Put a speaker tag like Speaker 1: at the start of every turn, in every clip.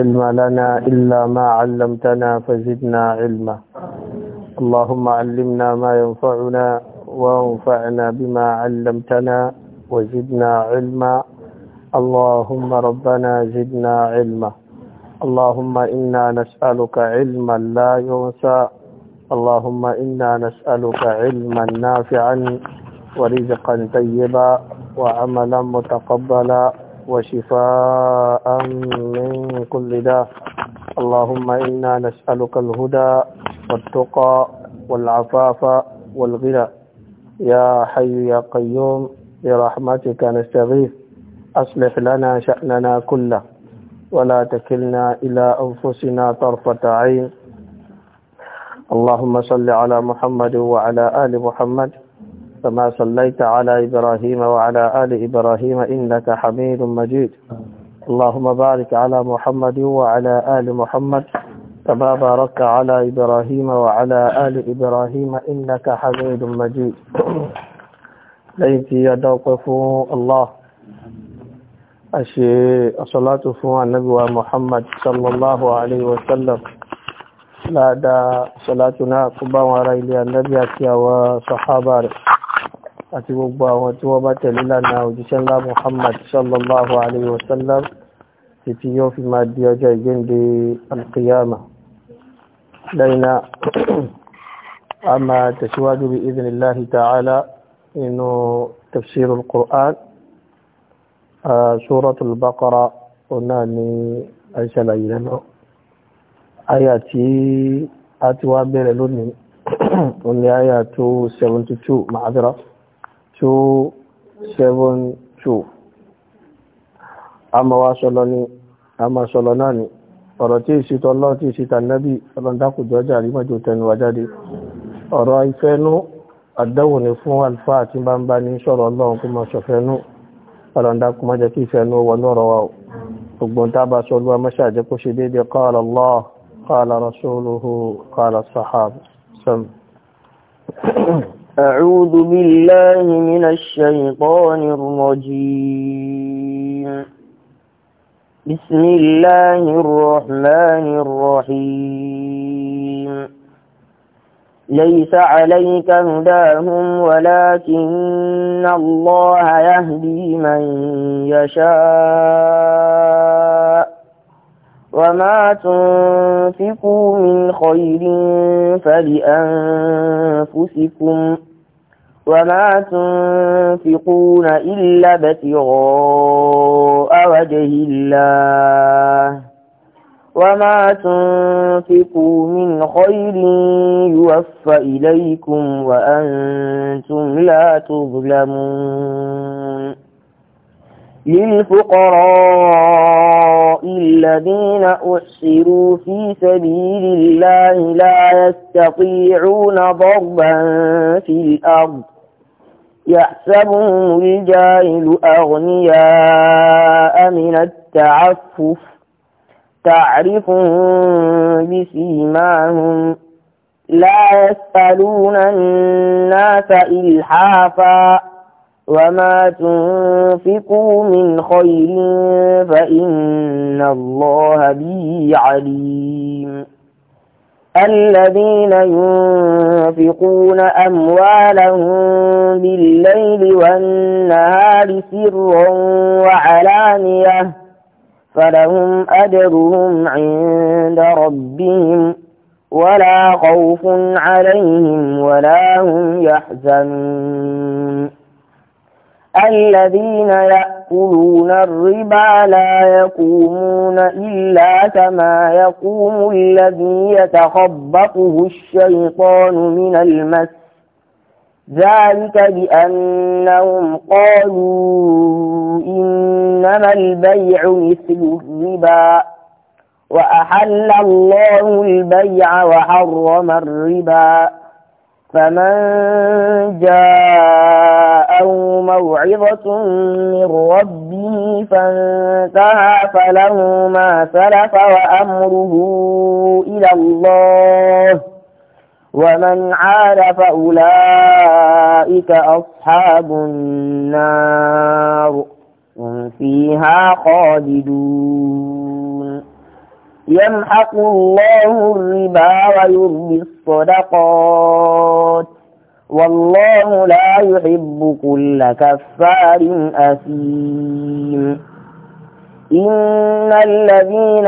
Speaker 1: علم لنا إلا ما علمتنا فزدنا علما اللهم علمنا ما ينفعنا وانفعنا بما علمتنا وزدنا علما اللهم ربنا زدنا علما اللهم إنا نسألك علما لا ينسى اللهم إنا نسألك علما نافعا ورزقا طيبا وعملا متقبلا وشفاء من كل داء اللهم إنا نسألك الهدى والتقى والعفاف والغنى يا حي يا قيوم برحمتك نستغيث أصلح لنا شأننا كله ولا تكلنا إلى أنفسنا طرفة عين اللهم صل على محمد وعلى آل محمد كما صليت على إبراهيم وعلى آل إبراهيم إنك حميد مجيد اللهم بارك على محمد وعلى آل محمد كما بارك على إبراهيم وعلى آل إبراهيم إنك حميد مجيد ليتي يدوقف الله أشي الصلاة فوق النبي محمد صلى الله عليه وسلم لا دا صلاتنا قبا ورا النبي أتيا وصحابه àti gbogbo àwọn tí wọ́n bá tẹ̀lé lánàá òjíṣẹ́ ńlá Muhammad sallallahu alayhi wa sallam títí yóò fi máa di ọjọ́ ìgbéǹde alkiyama lẹ́yìnà a máa tẹ̀síwájú bí idhnillahi ta'ala nínú tafsirul Qur'an suratul Baqara ọ̀nà ni àìṣàlàyé lẹ́nà àyà tí a ti wá bẹ̀rẹ̀ lónìí òní àyà tó 72 ma'adara two seven two àmọ́ wa sọlọ ni àmọ́ sọlọ náà ni ọ̀rọ̀ tí ìṣítọ́ lọ́n tí ìṣítà nábì ọlọ́ndákùjọ́ jà rí mọ́jọ tẹnuwa jáde ọ̀rọ̀ ìfẹ́nú àdánwò ni fún alfa àti bá ń bá ní sọ̀rọ̀ ọlọ́run kó mọ́ sọ̀fẹ́nú ọlọ́ndákùmọ́jẹ́ kí ìfẹ́nú wọn lọ́rọ̀ wa ogbon tábà
Speaker 2: أعوذ بالله من الشيطان الرجيم بسم الله الرحمن الرحيم ليس عليك هداهم ولكن الله يهدي من يشاء وما تنفقوا من خير فلأنفسكم وما تنفقون إلا بتغاء وجه الله وما تنفقوا من خير يوفى إليكم وأنتم لا تظلمون للفقراء الذين أحصروا في سبيل الله لا يستطيعون ضربا في الأرض يحسبهم الجاهل أغنياء من التعفف تعرفهم بسيماهم لا يسألون الناس إلحافا وما تنفقوا من خير فإن الله به عليم الذين ينفقون أموالهم بالليل والنهار سرا وعلانية فلهم أجرهم عند ربهم ولا خوف عليهم ولا هم يحزنون الذين يأكلون الربا لا يقومون إلا كما يقوم الذي يتخبطه الشيطان من المس ذلك بأنهم قالوا إنما البيع مثل الربا وأحل الله البيع وحرم الربا فمن جاءه موعظة من ربه فانتهى فله ما سلف وأمره إلى الله ومن عاد فأولئك أصحاب النار هم فيها خالدون يمحق الله الربا ويربي الصدقات والله لا يحب كل كفار أثيم إن الذين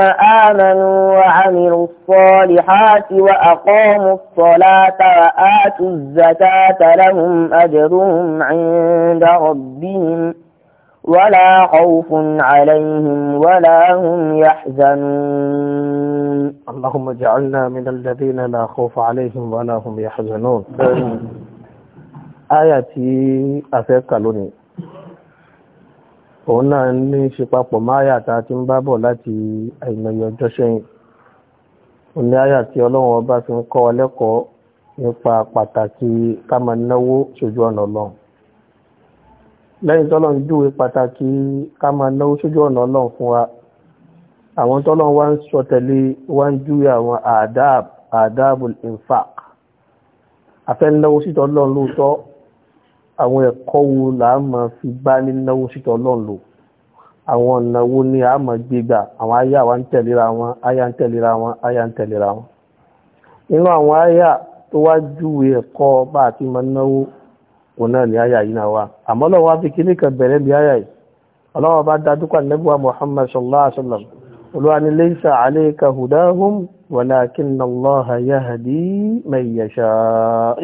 Speaker 2: آمنوا وعملوا الصالحات وأقاموا الصلاة وآتوا الزكاة لهم أجرهم عند ربهم ولا خوف عليهم ولا هم يحزنون اللهم اجعلنا من الذين لا خوف عليهم ولا هم
Speaker 1: يحزنون آية أفكا لوني òun náà ní ṣe papọ̀ mọ́ àyàtà tí ń bábọ̀ láti àìmọye ọjọ́ sẹ́yìn òun ní àyàtì ọlọ́run ọba fi ń kọ́ ọ lẹ́kọ̀ọ́ nípa pàtàkì ká máa náwó sójú ọ̀nà ọlọ́run lẹ́yìn tọ́lọ́n júwe pàtàkì ká máa náwó sójú ọ̀nà ọlọ́run fún wa àwọn tọ́lọ́n wá ń sọ tẹ̀lé ń júwe àwọn adab adabul infaq afẹ́ náwó sítọ́ ọlọ́run lóòótọ́ àwọn ẹ̀kọ́ wo là á máa fi bá ní náwó sítọ́ ọlọ́run lò àwọn ọ̀nà wo ni a máa gbégbà àwọn àyà wa ń tẹ̀léra wọn àyà ń tẹ̀léra wọn àyà ń tẹ̀léra wọn nínú àwọn àyà tó wá júwe ẹ̀kọ́ bá àti máa náwó òun náà ni àyà yìí náà wà àmọ́ lọ́wọ́ wá fi kíní kan bẹ̀rẹ̀ bí àyà yìí ọlọ́wọ́ bá dájú pà nẹ́bùwà Muhammad sallallahu alaihi wasallam olúwani laysa alayka hudahum walakinna Allaha yahdi man yasha.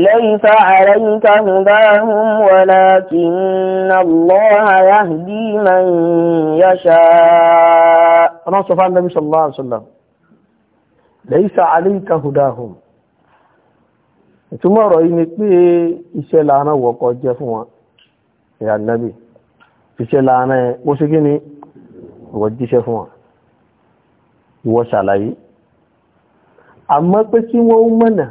Speaker 2: laysa alayka hudahum walakinna Allaha yahdi man yasha. ọlọ́sọ̀fà sallallahu
Speaker 1: alaihi wasallam ìtumọ̀ ọ̀rọ̀ yìí ni pé iṣẹ́ làánà wọ́kọ̀ jẹ́ fún wọn ìyá nàbì iṣẹ́ làánà ẹ̀ ó ṣe kí ni ìwọ jíṣẹ́ fún wọn ìwọ ṣàlàyé àmọ́ pé kí wọ́n ó mọ̀nà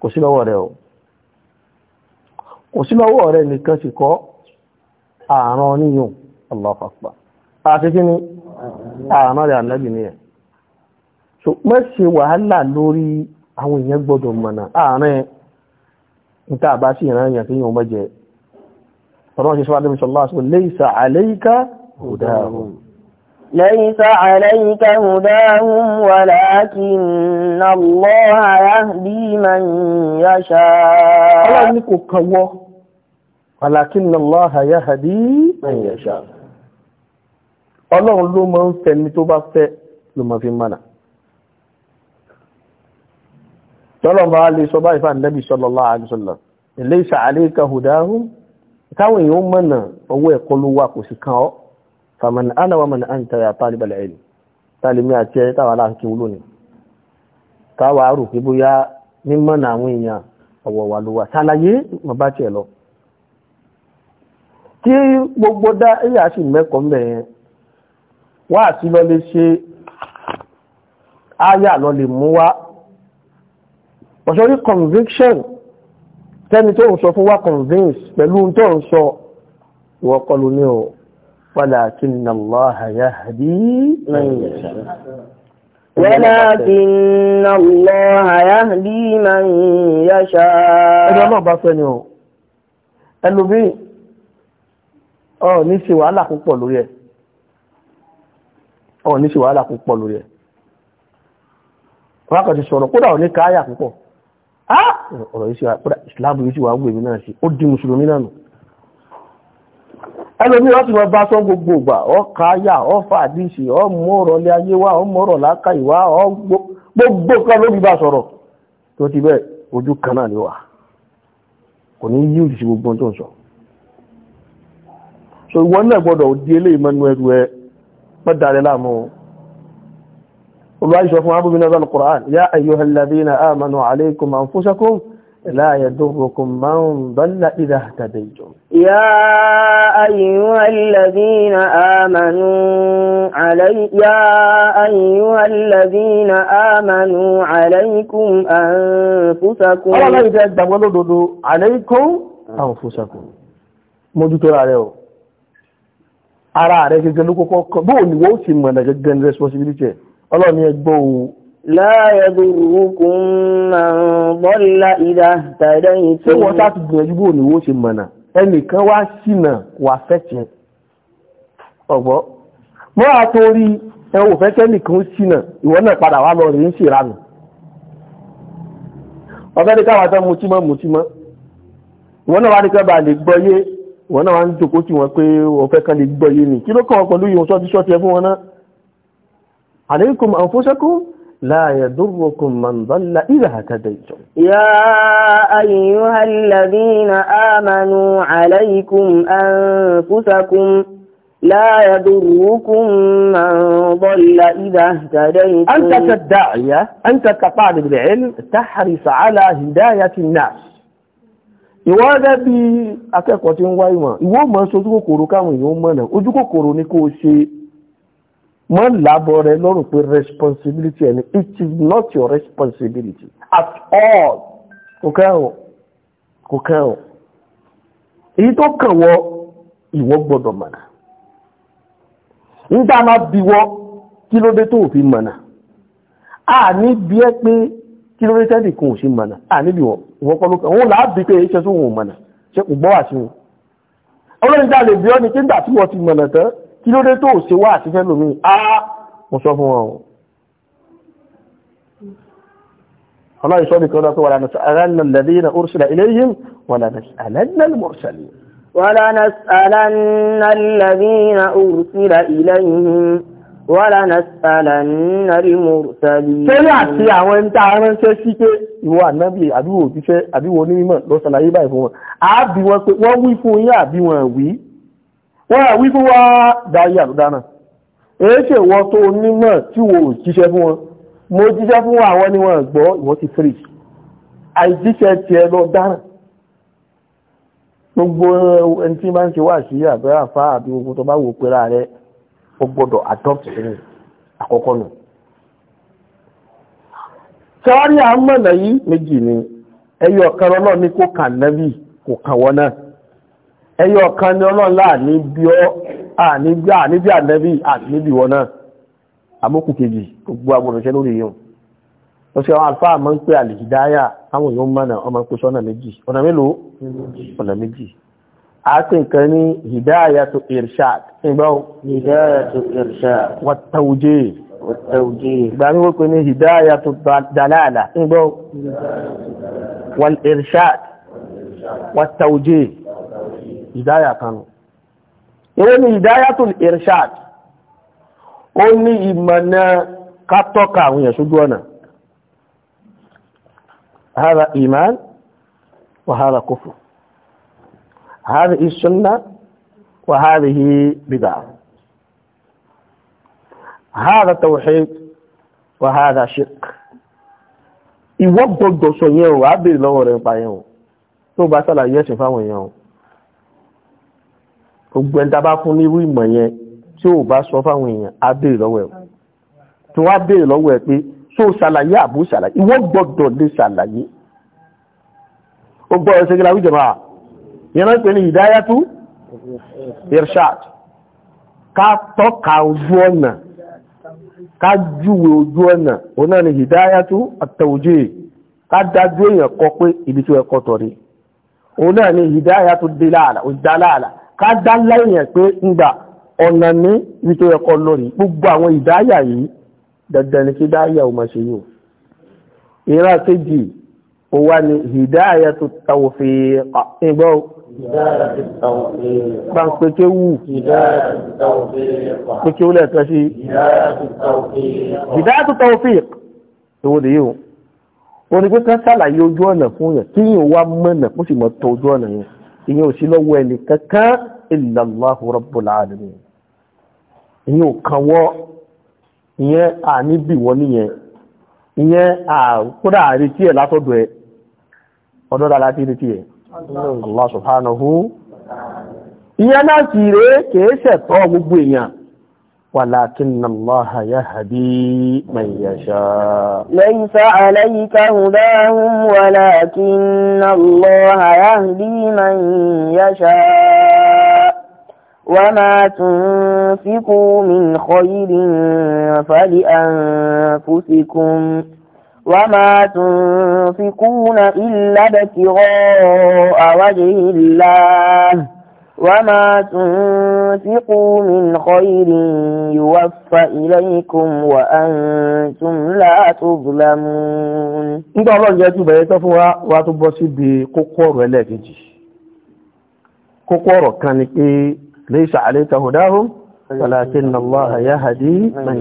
Speaker 1: kò sí lọ́wọ́ rẹ̀ o kò sí lọ́wọ́ rẹ̀ nìkan sì kọ́ ààrùn oníyùn aláfàpá àti kí ni ààrùn rẹ̀ ànábì ni ẹ̀ so wàhálà lórí àwọn èèyàn gbọ́dọ̀ mọ̀nà àárín níta àbá sí ìran èèyàn tí yíò mọ́jẹ
Speaker 2: ọlọ́run ṣe sọ́wọ́dé mìsọ̀lá sọ laysa alayka hudahum laysa alayka hudahum walakinna Allaha yahdi man yasha ọlọ́run ní kò kọwọ́ walakinna
Speaker 1: Allaha ló máa ń fẹ́ ni tó bá fẹ́ ló máa fi mọ̀nà tọ́lọ̀mọ́ alẹ́ sọ báyìí fún ànábì sallallahu alaihi wasallam laysa alayka hudahum táwọn èèyàn mọ̀nà owó ẹ̀kọ́ ló wà kò sí kan ọ́ faman ana wa man anta ya talibal ilm tálímí àti ẹ̀ táwà láǹkí wúlò ní táwà rò pé bóyá mímọ̀nà àwọn èèyàn ọ̀wọ̀ wà ló wà sálàyé mà bá tiẹ̀ lọ tí gbogbo dá ẹ̀yà sì mẹ́kọ̀ọ́ mẹ́rin wá sí lọ lè ṣe áyà lọ lè mú wá ọ̀ṣọ́rí conviction tẹ́ni tó ń sọ fún wa convince pẹ̀lú tó ń sọ ìwọ kọlu ní o walakinna Allaha yahdi man yasha
Speaker 2: walakinna Allaha yahdi man yasha ẹgbẹ́ náà bá fẹ́ ni o ẹlòmí
Speaker 1: ọ̀ ní ṣe wàhálà púpọ̀ lórí ẹ̀ ọ̀ ní ṣe wàhálà púpọ̀ lórí ẹ̀ wákàtí sọ̀rọ̀ kódà ò ní káyà púpọ̀ ọ̀rọ̀ yìí sí wa kódà ìsìláàmù yìí sí wa wù èmi náà sí ó di mùsùlùmí náà nù ẹlòmí wọ́n ti mọ bá sọ gbogbo ìgbà ọkà ayà ọfà àdìsí ọmọ ọ̀rọ̀ ilé ayé wa ọmọ ọ̀rọ̀ láka ìwà gbogbo kan ló fi bá sọ̀rọ̀ tó ti bẹ́ẹ̀ ojú kan náà ni wà kò ní yí òjì sí gbogbo tó ń sọ so ìwọ náà gbọ́dọ̀ di eléyìí mẹ́nu ẹrù ẹ pẹ́ darẹ̀ láàmú o olùwárí sọ fún abúbí náà al-Qur'an ya ayyuhal ladhina amanu alaykum anfusakum لا يضركم من ضل إذا اهتديتم
Speaker 2: يا أيها الذين آمنوا علي يا أيها الذين آمنوا عليكم أنفسكم الله إذا دمنا دودو عليكم
Speaker 1: أنفسكم موجود عليه ara rẹ̀ gẹ́gẹ́ ló kọ́kọ́ bóò ni wọ́n ti mọ̀nà gẹ́gẹ́ responsibility ọlọ́run ni ẹgbọ́ o.
Speaker 2: láàyè burúkún máa
Speaker 1: bọ́lá ìdá tàdé yìí tó. wọ́n sá ti gbìyànjú bò ní owó ṣe mọ̀nà ẹnìkan wá sínà wà fẹ́tì ọ̀gbọ́. mọ́ àtòrí ẹwọ fẹ́ kẹ́nìkan sínà ìwọ náà padà wá lọ rèé ṣèlànà. ọ̀fẹ́ ni káwá tán mutímọ́ mutímọ́ ìwọ náà wá ní kábà lè gbọ́yé ìwọ náà wá ń jókòó tí wọ́n pé ọ̀fẹ́ kan lè gbọ́yé ni kí ló kàn wọ́n pẹ̀lú ìwọ̀n sọ́ọ́tì sọ́ọ́tì ẹ fún wọn náà. عليكم أنفسكم لا يضركم من ضل إذا هتديتم
Speaker 2: يا أيها الذين آمنوا عليكم أنفسكم لا يضركم من ضل إذا اهتديتم أنت كالداعية أنت كطالب العلم تحرص على
Speaker 1: هداية الناس ìwọ́ بي أكاكوة akẹ́kọ̀ọ́ tí ń wáyé wọn ìwọ́ mọ́ sójú kòkòrò káwọn èèyàn mọ́nà ojú mọ́ làbọ̀ rẹ lọ́rùn pé responsibility ẹni it is not your responsibility
Speaker 2: at all
Speaker 1: kò kẹ́hùn kò kẹ́hùn èyí tó kàn wọ ìwọ gbọ́dọ̀ mọ̀nà nígbà máa bí wọ kí ló dé tó fi mọ̀nà a ní bí ẹ pé kí ló dé tẹ́lì kan ò sí mọ̀nà a níbi wọ́n kọ́ ló kàn wọ́n làá pé iṣẹ́ tó wọ̀n mọ̀nà ṣe kò gbọ́ wà sí dá lè bí ọ́ ni kí nígbà tí wọ́n ti mọ̀nà tán kí ló dé tó ṣe wá àti fẹ́ lómi àá mo sọ fún wọn ọlọ́rin sọ́bí kan lọ́pẹ́ wàlá nas'alanna alladhina ursila ilayhim wàlá nas'alanna
Speaker 2: al-mursalin tẹ́lẹ̀ àti àwọn ẹni tá ránṣẹ́ sí pé ìwọ ànábì
Speaker 1: àbíwò òjíṣẹ́ àbíwò onímọ̀ lọ́sàlàyé báyìí fún wọn àábí wọn pé wọ́n wí fún yín àbí wí wọ́n àwí fún wá dáyé àtúdáná èéṣe ìwọ tó onímọ̀ tí wo jíṣẹ́ fún wọn mo jíṣẹ́ fún àwọn ni wọ́n gbọ́ ìwọ́n ti fírí àìjíṣẹ́ ti ẹ lọ dára gbogbo ẹni tí máa ń ṣe wà sí àbẹ́ àfá àbí gbogbo tó bá wò pé rẹ ó gbọ́dọ̀ adopt ní àkọ́kọ́ nù sọ́rí àmọ̀nà yìí méjì ni ẹyọ kan náà ní kó kàn náà kò kàn wọ́n náà ẹyọ ọ̀kan ni ọlọ́run láàní bí ọ́ àní bí ànẹ́bí àti níbi ìwọ náà àmókù kejì gbogbo agbọ̀nàṣẹ́ lórí yìí wọ́n sí àwọn àlfáà máa ń pè àlìhìdáyà àwọn èèyàn mọ́nà ọmọ ń pèsè ọ̀nà méjì ọ̀nà mélòó ọ̀nà méjì àti nǹkan ní hìdáyà tó irshad nígbà ìdáyà kan nù èwo ni hidayatul irshad ó ní ìmọ̀nà kátọ́ka àwọn èèyàn sójú ọ̀nà hada iman wa hada kufur hada isunna wa hadihi bid'ah hada tawhid wa hada shirk ìwọ sọ yẹn wà á bèèrè lọ́wọ́ rẹ̀ nípa yẹn tó bá sálàyé ẹ̀sìn fáwọn èèyàn gbogbo ẹni tá a bá fún ní irú ìmọ̀ yẹn tí ò bá sọ fáwọn èèyàn á béèrè lọ́wọ́ ẹ̀ tí wọ́n á béèrè lọ́wọ́ ẹ̀ pé ṣó ṣàlàyé àbò ṣàlàyé ìwọ gbọ́dọ̀ lè ṣàlàyé ó gbọ́ ẹsẹ̀ gíga wíjọba yẹn náà pè ní ìdáyàtú irshad ká tọ́ka ojú ọ̀nà ká júwe ojú ọ̀nà òun náà ni ìdáyàtú àtẹ̀wòjì ká dájú èèyàn kọ pé ibi tó ẹ̀kọ́ tọ̀ rí òun náà ni ìdáyàtú dálàlà ká dá lẹ́yìn pé ngbà ọ̀nà ní ibi tó lórí gbogbo àwọn ìdáyà yìí dandan ni kí dáyà ò máa ṣe yìí o ìran kejì ó wá ní hìdáyà tó tàwọ̀ fi ìgbọ́ bá ń pèké wù pèké wù lẹ́ẹ̀kan sí hìdáyà tó tàwọ̀ fi ìwòdì yìí o wọ́n ní pé ká ṣàlàyé ojú ọ̀nà fún yẹn kí yìí wá mọ̀nà kó sì mọ̀ tó ojú ọ̀nà yẹn ìyẹn ò sí lọ́wọ́ ẹni kankan illallahu rabbul alamin ìyẹn ò kanwọ́ ìyẹn àní bìwọ́ nìyẹn ìyẹn àkúrà àrètí ẹ̀ látọ̀dọ̀ ẹ̀ ọdọ́ dára tí retí ẹ̀ Allah subhanahu ìyẹn náà rèé kèé ṣẹ̀tọ́ gbogbo èèyàn ولكن الله
Speaker 2: يهدي من يشاء ليس عليك هداهم ولكن الله يهدي من يشاء وما تنفقوا من خير فلأنفسكم وما تنفقون إلا ابتغاء وجه الله وَمَا تنفقوا مِنْ خَيْرٍ يوفى إليكم وَأَنْتُمْ لَا تظلمون nígbà ọlọ́run jẹ́ tí bẹ̀rẹ̀ tọ́ fún
Speaker 1: wa wá tó bọ́ síbi kókó ọ̀rọ̀ ẹlẹ́ẹ̀kejì kókó ọ̀rọ̀ kan ni pé ليس عليك هداهم ولكن الله يهدي من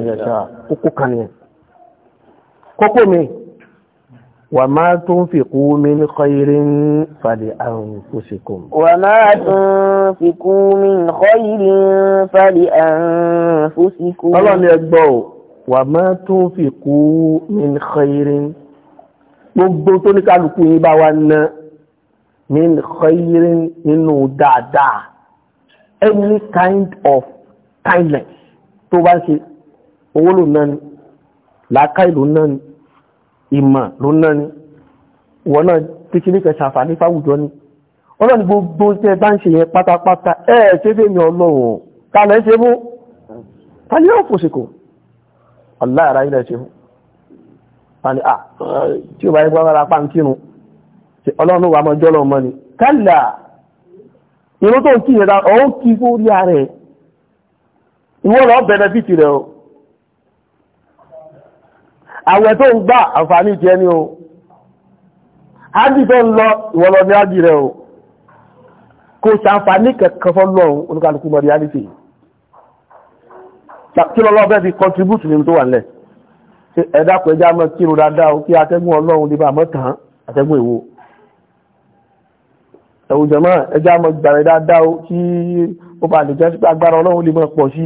Speaker 1: وَمَا تنفقوا مِنْ خَيْرٍ فلأنفسكم
Speaker 2: وَمَا تنفقوا مِنْ خَيْرٍ فلأنفسكم الله يكبر
Speaker 1: وَمَا تنفقوا مِنْ خَيْرٍ gbogbo tó ní kálukú yín bá wa ná min khairin nínú dáadáa any kind of kindness tó bá ń ṣe owó lò náà ni làákàyè lò náà ni ìmọ̀ ló náà ni wọ́n náà kékeré kan ṣàǹfààní fáwùjọ ni ọlọ́ni gbogbo tẹ́ bá ń ṣe yẹn pátápátá ẹ̀ ṣe fẹ́ mi ọlọ́run tààlẹ̀ ṣe mú tààlẹ̀ yóò fò síkò aláàrá ilẹ̀ ṣe mú tààlẹ̀ à tí ó bá yẹn gbára pa ń kírun ọlọ́run tó ń kí yẹn ọ̀hún kí fórí ààrẹ ìwọ́n lọ bẹ̀rẹ̀ bìtì rẹ̀ o àwẹ̀ tó ń gbà àǹfààní jẹ́ ní o ájì tó ń lọ ìwọ̀lọ ní ájì rẹ̀ o kò sàǹfààní kẹ̀kẹ́ fọ́lọ́run oníkàlùkù mọ̀ reality kí lọ́lọ́ fẹ́ fi contribute nínú tó wà nílẹ̀ ẹ̀dá pẹ̀já mọ́ kírun dáadáa kí atẹ́gùn ọlọ́run lè bá mọ́ tàn atẹ́gùn èwo ẹ̀wùjọ̀mọ́ ẹjá mọ́ gbàrẹ̀ dáadáa kí ó bá lè jẹ́ sí agbára ọlọ́run lè mọ́ pọ̀ sí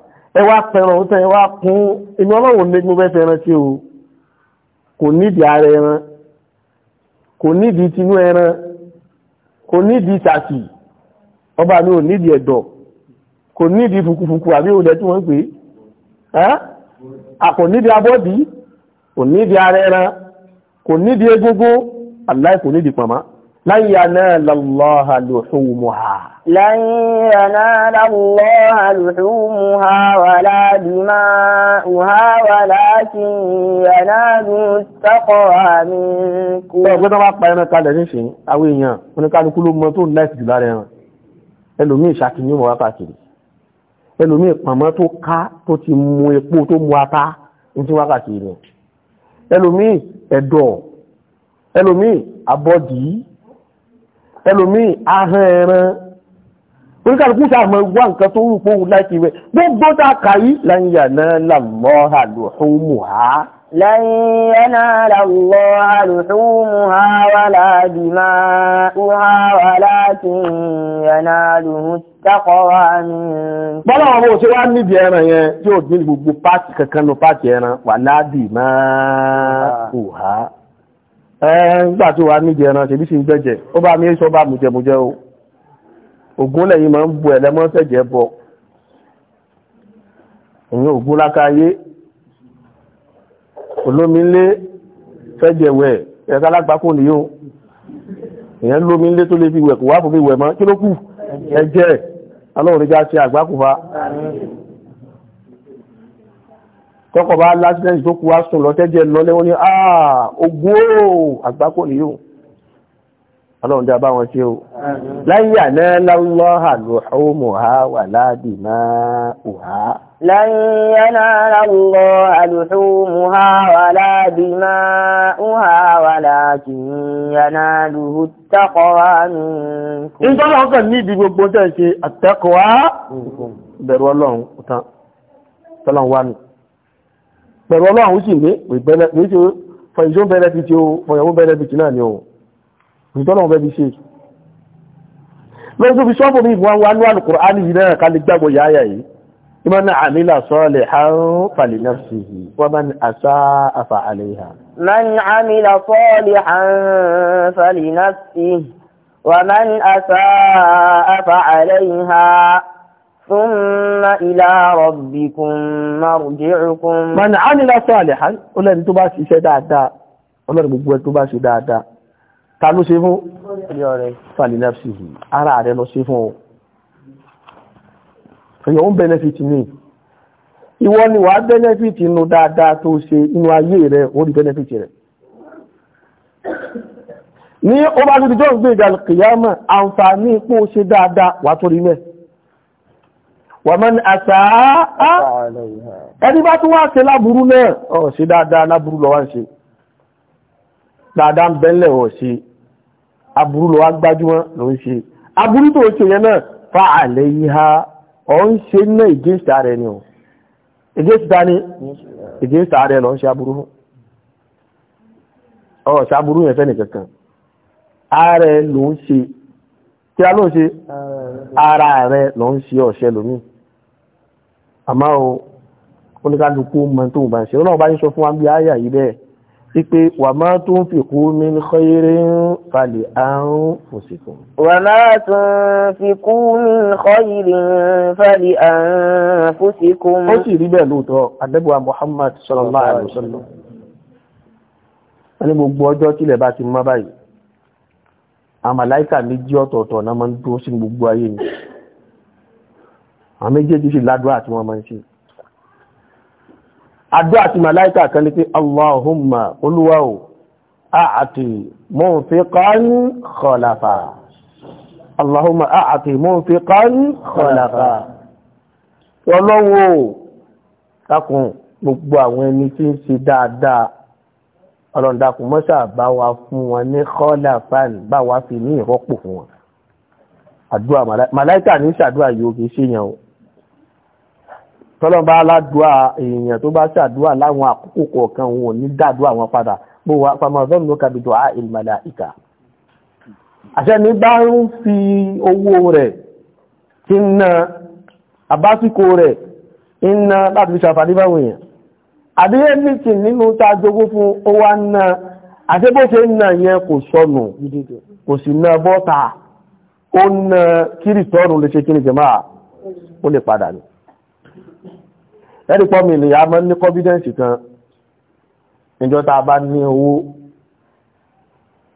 Speaker 1: ẹ wá pẹran ó tẹ́ ẹ wá kún inú ọlọ́run lé mo fẹ́ fẹ́ràn tí o kò nídìí ara ẹran kò nídìí tinú ẹran kò nídìí tàkì ọba mi ò nídìí ẹ̀dọ̀ kò nídìí fukufuku àbí òde tí wọ́n pè é kò nídìí abọ́dí kò nídìí ara ẹran kò nídìí egungun aláì kò nídìí pàmò. لن ينال الله لحومها
Speaker 2: لن ينال الله لحومها ولا دماؤها ولكن ينال التقوى منكم
Speaker 1: Bẹ́ẹ̀ gbọ́dọ̀ bá pa ẹran kalẹ̀ níṣìn, àwọn èèyàn oníkálukú ló mọ tó láìsí jù lára ẹran. Ẹlòmíì ṣàkíyàn wọ́n wákàkiri. Ẹlòmíì pàmọ́ tó ká tó ti mu epo tó mu ata ní tí wákàkiri. Ẹlòmíì ẹ̀dọ̀. Ẹlòmíì abọ́dìí ẹlòmí ahọ́n ẹran oníkàlùkù sàmọ́ wá nǹkan tó rú pòun láti rẹ̀ gbogbo tá a kà yí lẹ́yìn àná
Speaker 2: àlùhùnmù ha. لن ينال الله لحومها ولا دماؤها ولكن يناله التقوى منكم bọ́lá àwọn ọmọ
Speaker 1: òṣèré wá níbi ẹran yẹn tí ò ní gbogbo páàtì kankan nígbà tó wà nídìí ẹran ṣèbí sí gbẹ́jẹ̀ ó bá mi sọ bá mùjẹmùjẹ o ògún lẹ́yìn máa ń bu ẹ̀lẹ́mọ́ fẹ̀jẹ̀ bọ̀ èyí ògún lákàáyé olómílé fẹ̀jẹ̀ wẹ̀ ẹ̀ka alágbákò nìyó èyàn lómílé tó lè fi wẹ̀ kò wá fún mi wẹ̀ mọ́ kí ló kù ẹ̀jẹ̀ ọlọ́run ní ká ṣe àgbákò fa tọ́kọ̀ bá lásìlẹ́sì tó kú wá sùn lọ́tẹ́jẹ́ lọ́lẹ́wọ́n ní àà ah, ogó àgbákò ní yóò ọlọ́run dá bá wọn ṣe o láyé àná lọ́lọ́hà ló wà láàdì máa òhá
Speaker 2: láyé àná lọ́lọ́hà ló wà láàdì máa òhá wà láàkì
Speaker 1: pẹ̀lú ọlọ́run ó sì ní for his own benefit o for your own benefit náà ni o ìtọ́nà ọ̀bẹ́ bí ṣe lọ́sọ́ fi sọ́pọ̀ ní ìwọ̀n wánú Al-Qur'ani yìí náà ká lè gbàgbọ́ yáyà yìí man 'amila salihan falinafsihi wa man asa'a fa'alayha
Speaker 2: ثم إلى ربكم مرجعكم من
Speaker 1: عمل صالحا ọlọ́run tó bá ṣiṣẹ́ dáadáa ọlọ́run gbogbo ẹ̀ tó bá ṣe dáadáa ta ló ṣe fún falinafsihi ara rẹ̀ lọ ṣe fún ọ èyàn ń benefit ní ìwọ ni wàá benefit inú dáadáa tó ṣe inú ayé rẹ̀ ó rí benefit rẹ̀ ní ó bá tó ti jọ́ ń gbé ìgbàlùkìyàmọ̀ àǹfààní ipò ṣe dáadáa wàá tó rí mẹ́rin wàmán àtàá ẹni bá tún wá ṣe láburú náà ọ̀ sí dáadáa láburú lọ wá ń ṣe dáadáa ń bẹ́lẹ̀ ọ̀ ṣe aburú lọ wá gbájúmọ́ ló ń ṣe aburú tó ṣe yẹn náà fa àlẹ́ yìí ha ọ̀ ń ṣe náà ìgéṣà rẹ̀ ni ọ̀ ìgéṣà ni ìgéṣà rẹ̀ lọ ń ṣe aburú ọ̀ ṣe aburú yẹn fẹ́ni kankan ààrẹ ló ń ṣe kí a ló ń ṣe ara rẹ̀ ló ń ṣe ọ̀ṣẹ́ lómìn àmá o oníkálukú mọ tó bá ń ṣe ọlọ́run bá ń sọ fún wa bí àyà yìí bẹ́ẹ̀ wípé wà má tó ń fìkú mi khairin falẹ̀ àrùn fòsìkò.
Speaker 2: wà má tó ń fìkú mi khairin falẹ̀ àrùn fòsìkò. ó sì
Speaker 1: rí bẹ́ẹ̀ lóòótọ́ adébọ̀wá Muhammad sallallahu alaihi wasallam wọ́n ní gbogbo ọjọ́ tílẹ̀ bá ti mọ́ báyìí àmàláìkà méjì ọ̀tọ̀ọ̀tọ̀ náà máa ń dúró sí gbogbo ayé mi àwọn méjèèjì sì ládùá tí wọ́n máa ń ṣe àdúrà tí màláìkà kan ní pé Allahumma olúwa o àti munfiqan khalafa Allahumma àti munfiqan khalafa ọlọ́wọ́ takùn gbogbo àwọn ẹni tí ń ṣe dáadáa ọlọ́ndakùn mọ́ṣà bá wa fún wọn ní khalafan bá wa fi ní ìrọ́pò fún wọn àdúrà màláìkà ní ṣàdúrà yóò kìí ṣèyàn o tọ́lọ́mbà aládùá èèyàn tó bá ṣàdúà láwọn àkókò kọ̀ọ̀kan òun ò ní dàdúà wọn padà bó wa pamọ́sọ́nù ló kàbí dùá ìlmàlà ìkà. àṣẹni bá ń fi owó rẹ̀ ti ń na àbásíkò rẹ̀ ń na láti fi ṣàǹfààní báwọn èèyàn. àdéhùn mìtì nínú tá a jogún fún ó wá na àṣẹ bó ṣe ń na yẹn kò sọnù kò sì na bọ́ta ó na kírìtọ́rùn lè ṣe kí ni jẹ̀máà ó lè padà ni ẹ̀rí pọ́ mi nìyà mọ́ ní confidence kan níjọ tá a bá ní owó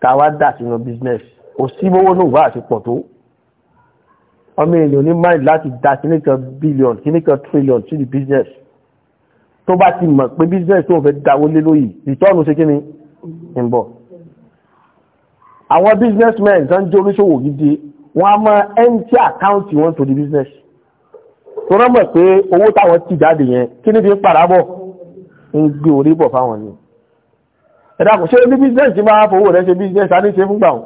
Speaker 1: tá a wá dà sínú business kò sí owó náà wà àti pọ̀ tó ọmọ èèyàn ní mind láti dà kíní kan billion kíní kan trillion sí di business tó bá ti mọ̀ pé business tó ń fẹ́ dáwó lé lóyìí ìtọ́nù sí kíní ń bọ̀ àwọn businessmen tó ń jẹ́ oníṣòwò gidi wọ́n á máa ẹ́ńtí àkáǹtì wọn tó di business tó rán mọ̀ pé owó táwọn ti jáde yẹn kí ní fi ń padà bọ̀ ń gbé orí bọ̀ fáwọn ni ẹ̀dá kò ṣe ní bísíǹsì máa fowó rẹ̀ ṣe bísíǹsì á ní ṣe fúngbà òun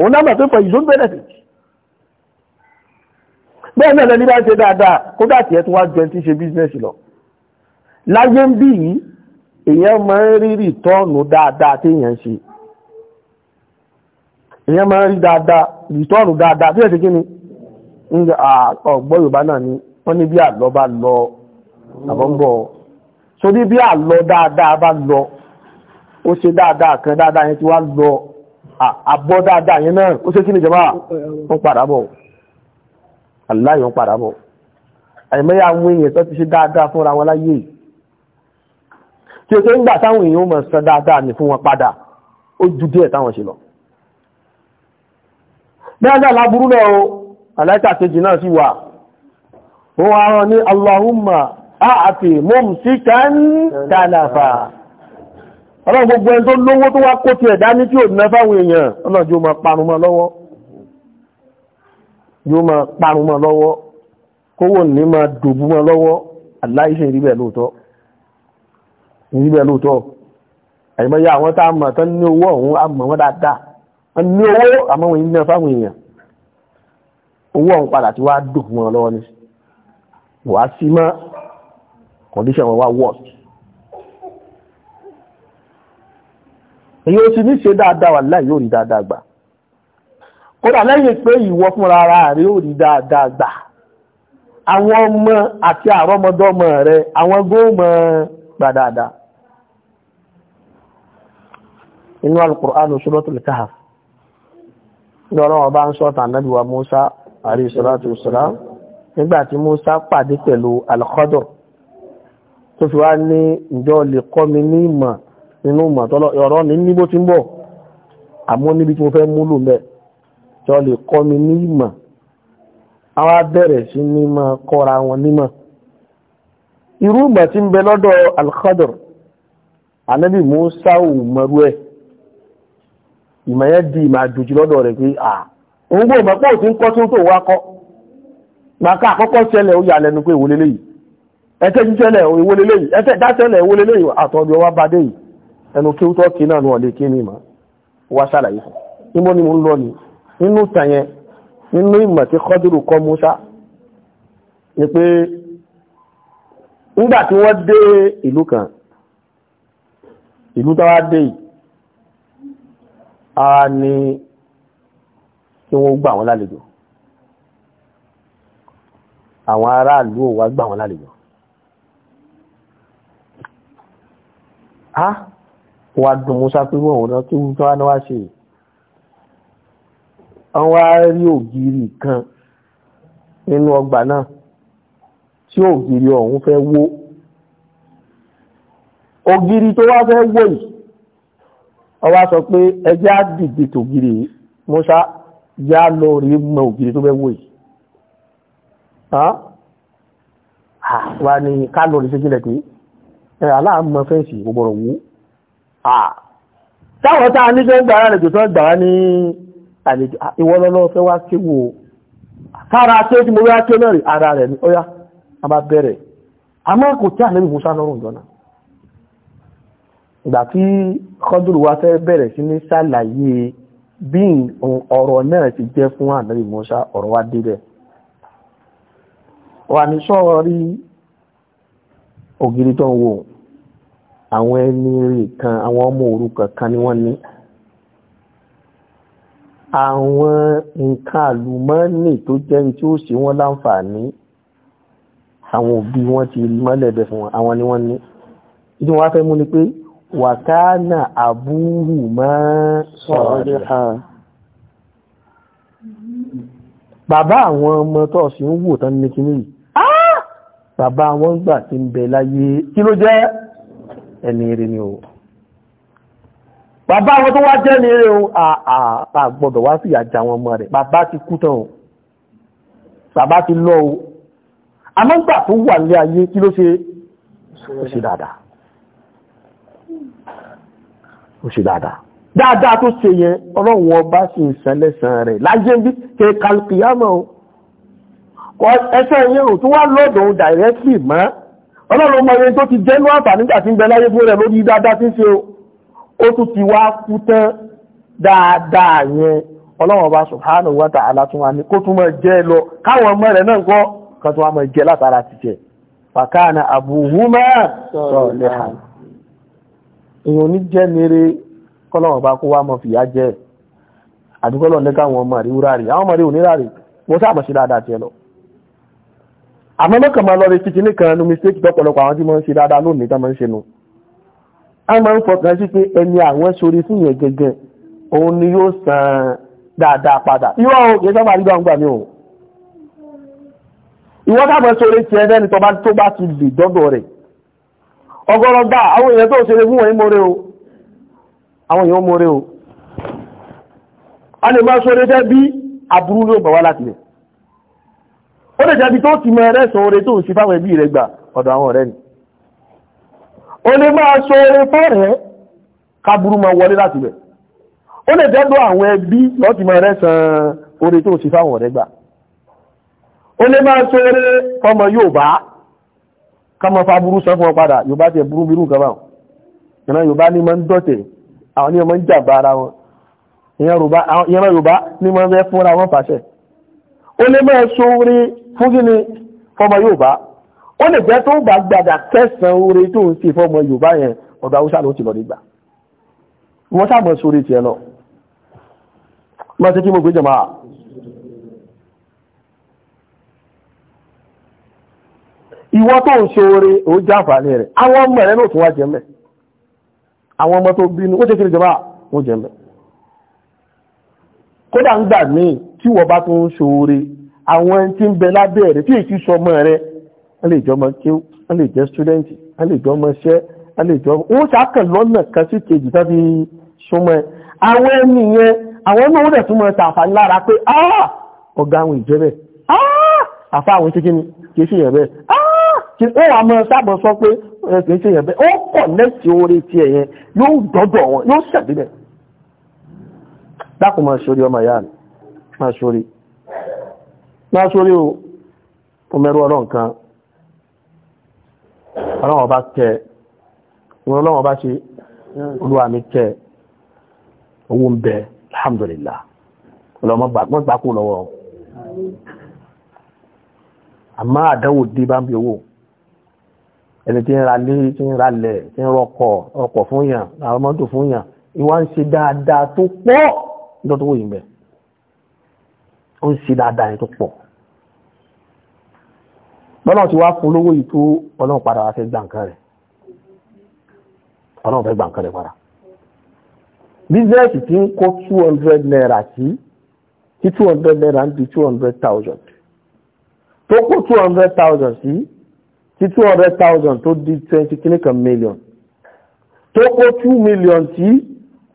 Speaker 1: òun náà mọ̀ pé for his own benefit bẹ́ẹ̀ náà lẹ́ni bá ń ṣe dáadáa kó dàtí ẹ̀ tó wá jẹun tí ṣe bísíǹsì lọ láyé ń bí yìí èèyàn máa ń rí rìtọ́ọ̀nù dáadáa tí èèyàn ṣe èèyàn máa ń rí dáadáa rìtọ́ọ̀nù dáadáa tí èèyàn ṣe kí ni níbi ọgbọ́ yorùbá náà ni wọ́n ní bí àlọ́ bá lọ àbọ̀ǹbọ̀ so ní bí àlọ́ dáadáa bá lọ ó ṣe dáadáa kan dáadáa yẹn ti wá lọ àbọ̀ dáadáa yẹn náà ó ṣe kí ni jọba ó padà bọ̀ aláyọ̀ ń padà bọ̀ àìmọ́yà àwọn èèyàn tó ti ṣe dáadáa fúnra wọn láyé tí ó tó ń gbà táwọn èèyàn ó mọ̀ sọ dáadáa ní fún wọn padà ó ju díẹ̀ táwọn ṣe lọ dáadáa láburú náà o aláìkà kejì náà sì wà ó wá rán ní Allahumma àti mumsikan talafa ọlọ́run gbogbo ẹni tó lówó tó wá kó ti ẹ̀dá ní tí ò ná fáwọn èèyàn ọlọ́run yóò máa parun mọ́ lọ́wọ́ yóò máa parun mọ́ lọ́wọ́ kówó ní máa dòbú mọ́ lọ́wọ́ aláìṣe ìríbẹ̀ lóòótọ́ ìríbẹ̀ lóòótọ́ àyíbáyá àwọn tá owó ọ̀n padà tí wá dùn wọn lọ́wọ́ ni wàá sí mọ́ condition wọn wá worst èyí ó ti ní ṣe dáadáa wà láì yóò rí dáadáa gbà kódà lẹ́yìn pé ìwọ fúnra ara rẹ̀ ó rí dáadáa gbà àwọn ọmọ àti àrọ́mọdọ́mọ rẹ̀ àwọn góòmọ gbà dáadáa inú Al-Qur'an Suratul Kahf lọ́rọ̀ ọba ń sọ́tà náà bí wa Musa alayhi salatu wassalam nígbà tí Musa pàdé pẹ̀lú al-Khadir tó fi wá ní ìjọ lè kọ́ mi ní ìmọ̀ nínú ìmọ̀ tọ́lọ̀ ọ̀rọ̀ ní níbo tí ń bọ̀ àmọ́ níbi tí mo fẹ́ múlò mẹ́ jọ lè kọ́ mi ní ìmọ̀ àwọn abẹ́rẹ̀ sí ní kọ́ra wọn nímọ̀ irú ìmọ̀ tí ń bẹ lọ́dọ̀ al-Khadir anabi Musa ò mọ̀rú ẹ̀ ìmọ̀ yẹn di ìmọ̀ àjòjì lọ́dọ̀ rẹ̀ pé à òun gbọ́ mọ̀ pé òtí ń kọ́ tó tó wá kọ́ gbàkà àkọ́kọ́ ṣẹlẹ̀ ó yà lẹ́nu pé ìwòlélé yìí ẹ̀kẹ́ jíjẹ́lẹ̀ ìwòlélé yìí ẹ̀kẹ́ dáṣẹ́lẹ̀ ìwòlélé yìí àtọ́jú ọwá bá dé yìí ẹnu kí ó tọ́ kí náà lọ́ọ̀lé kí ní kí wọ́n gbà wọ́n lálejò àwọn aráàlú ò wá gbà wọ́n lálejò á wà dùn musa pé wọ́n náà kí wọ́n wá náà ṣe wọ́n wá rí ògiri kan nínú ọgbà náà tí ògiri ọ̀hún fẹ́ wó ògiri tó wá fẹ́ wó yìí ó sọ pé ẹjẹ́ á dìde tògiri musa yá lọ rí mọ ògiri tó bẹ́ wò yìí wà ní ká lọ rí sí kílẹ̀ pé aláàmọ́ fẹ́ǹsì gbọ́rọ̀ wú táwọn tá a ní tó ń gbàrá àlejò tó ń gbàrá ní àlejò ìwọ́lọ́lọ́ fẹ́ wá kéwò sára tí ó ti mo rí ákẹ́ náà rí ara rẹ̀ ní ọya a bá bẹ̀rẹ̀ a máa kò tí àlẹ́bí musa lọ́rùn jọna ìgbà tí kọ́dùrù wa fẹ́ bẹ̀rẹ̀ sí ní ṣàlàyé bí ọ̀rọ̀ náà ti jẹ́ fún ànábì Mùsá ọ̀rọ̀ wá débẹ̀ wà ní sọ́rọ̀ rí ògiri tó ń wò àwọn ẹni rí kan àwọn ọmọ òrukàn kan ni wọ́n ní àwọn nǹkan àlùmọ́ọ́nì tó jẹ́ tí ó ṣe wọ́n láǹfààní àwọn òbí wọn ti mọ́lẹ̀bẹ̀ fún àwọn ni wọ́n ní ìdí wọn wá fẹ́ mú ni pé wàkánà àbúrù máa sọ̀rọ̀ ní ha bàbá àwọn ọmọ tó sì ń wò tán ní kíní yìí ah! bàbá wọn gbà tí ń bẹ láyé kí ló jẹ́ ẹni eré ni o bàbá wọn tó wá jẹ́ ní eré o àà ah, ah, gbọ́dọ̀ wá sí ìyàjà wọn ọmọ rẹ̀ bàbá ti kú tán o bàbá ti lọ o àmọ́ gbà tó wà ní ayé kí ló ṣe dáadáa ó ṣe dáadáa dáadáa tó ṣe yẹn ọlọ́run ọba sì ń san lẹ́sàn rẹ̀ láyé bí kẹ kàlùkìyàmọ̀ o ẹsẹ̀ yẹn ò tún wá lọ́dọ̀ òun directly mọ́ ọlọ́run ọmọ yẹn tó ti jẹ́ ní àbá nígbà tí ń bẹ láyé fún rẹ̀ lórí dáadáa tí ń ṣe o ó tún ti wá kú tán dáadáa yẹn ọlọ́run ọba subhanahu wa ta'ala tún wá ní kó tún máa jẹ́ lọ káwọn ọmọ rẹ̀ náà ń kọ́ kan tún wá máa jẹ látara ti jẹ fàkánà àbúhùmá sọ̀rọ̀ lẹ́hàn èèyàn oníjẹ́ nire kọ́lọ́wọ̀n bá kó wá mọ́ fìyà jẹ àdúgbọ́lọ̀ ní káwọn ọmọ rí wúrà rí àwọn ọmọ rí òníra rí wọ́n sáà mọ̀ sí dáadáa tiẹ̀ lọ. àmọ́ mọ́kàn máa lọ rí títí ní kan nu mistake tọ́pọ̀lọpọ̀ àwọn tí wọ́n ń ṣe dáadáa lónìí tán máa ń ṣe nu. a máa ń fọkàn sí pé ẹni àwọn sori fún yẹn gẹ́gẹ́ òun ni yóò san dáadáa padà. irọ́ o kì í sábà rí gbàǹgbà mi o. ìwọ́n sábà sori tiẹ̀ lẹ́ni tó bá ti lè dọ́dọ̀ rẹ̀ ọgọ́rọgbà àwọn èèyàn tó ṣe lè fún wọ́n mọ́rẹ́ o àwọn èèyàn mọ́rẹ́ o a lè máa sọ́rẹ́ jẹ́ bí àbúrú ló bàwá láti rẹ̀ ó lè jẹ́bi tó ti mẹ́rẹ́ sọ́rẹ́ tó sì fáwọn ẹbí rẹ̀ gbà ọ̀dọ̀ àwọn ọ̀rẹ́ ni ó lè máa sọ́rẹ́ fẹ́rẹ̀ kábúrú máa wọlé láti rẹ̀ ó lè jẹ́ àwọn kọmọ fa burú sọ fún ọ padà yóò bá tẹ burú birú kan báwọn ìran yóò bá ní ma ń dọ̀tẹ̀ àwọn ní ọmọ ń jàmbá ara wọn ìran yóò bá ní ma ń fẹ́ fúnra wọn fàṣẹ ó lè máa so orí fún kí ni fọmọ yóò bá ó lè jẹ́ tó bá gbàdà kẹsàn-án orí tó ń ṣe fọmọ yóò bá yẹn ọ̀dọ̀ haúsá ló ti lọ nígbà wọ́n sáà sórí tiẹ̀ lọ mọ̀ sí kí mo gbé jọmọ́ ìwọ tó ń ṣe oore ó jáfàálẹ̀ rẹ̀ àwọn ọmọ rẹ̀ ló tún wá jẹ́mẹ̀ àwọn ọmọ tó bínú ó tẹ́kiri jọba wọ́n jẹ́mẹ̀ kódà ń gbà ní tí wọ́n bá tún ṣe oore àwọn ẹni tí ń bẹ lábẹ́ rẹ̀ tí èkí sọ ọmọ rẹ̀ wọ́n lè jọ ọmọ kí wọ́n lè jẹ́ stúdẹ́ǹtì wọ́n lè jọ ọmọ iṣẹ́ wọ́n lè jọ wọ́n ṣàkàn lọ́nà kan sí kejì tó fi súnmọ́ ẹ àwọn ẹni yẹn àwọn náà wọ́n dẹ̀ tún mọ ṣàǹfààní lára pé ọ̀gá àwọn ìjẹ́bẹ̀ àfa àwọn ìṣẹ́kíni kì í ṣèyàn bẹ́ẹ̀ kí ó wà mọ́ sábọ̀ sọ pé ẹ̀sìn ṣe yẹn bẹ́ẹ̀ ó kọ̀ lẹ́sì orí ti ẹ̀yẹn yóò dọ́dọ̀ wọn yóò ṣẹ̀bílẹ̀ dákùn máa ṣorí ọmọ ìyá rẹ̀ máa ṣorí máa ṣorí o tó mẹ́rú kan ọlọ́run ọba tẹ ìwọ̀n ọlọ́run ọba ṣe olúwa mi tẹ owó ń bẹ alhamdulillah ọlọ́mọ gbàgbọ́ gbàkú lọ́wọ́ àmọ́ àdánwò dé bá ń bí owó ẹni tí ń ra lé tí ń ralẹ̀ tí ń rọkọ̀ ọkọ̀ fún yàn àwọn mọ́tò fún yàn ìwà ń ṣe dáadáa tó pọ̀ nítorí tó wòye mẹ́ ó ń ṣe dáadáa yẹn tó pọ̀ bọ́lá ti wá fún lówó yìí tó ọlọ́run padà wá fẹ́ gbà nǹkan rẹ̀ ọlọ́run fẹ́ gbà nǹkan rẹ̀ padà bísíǹsì tí ń kó two hundred naira sí tí two hundred naira ń di two hundred thousand tó kó two hundred thousand sí tí two hundred thousand tó di twenty kìnnìkan million tó kó two million tí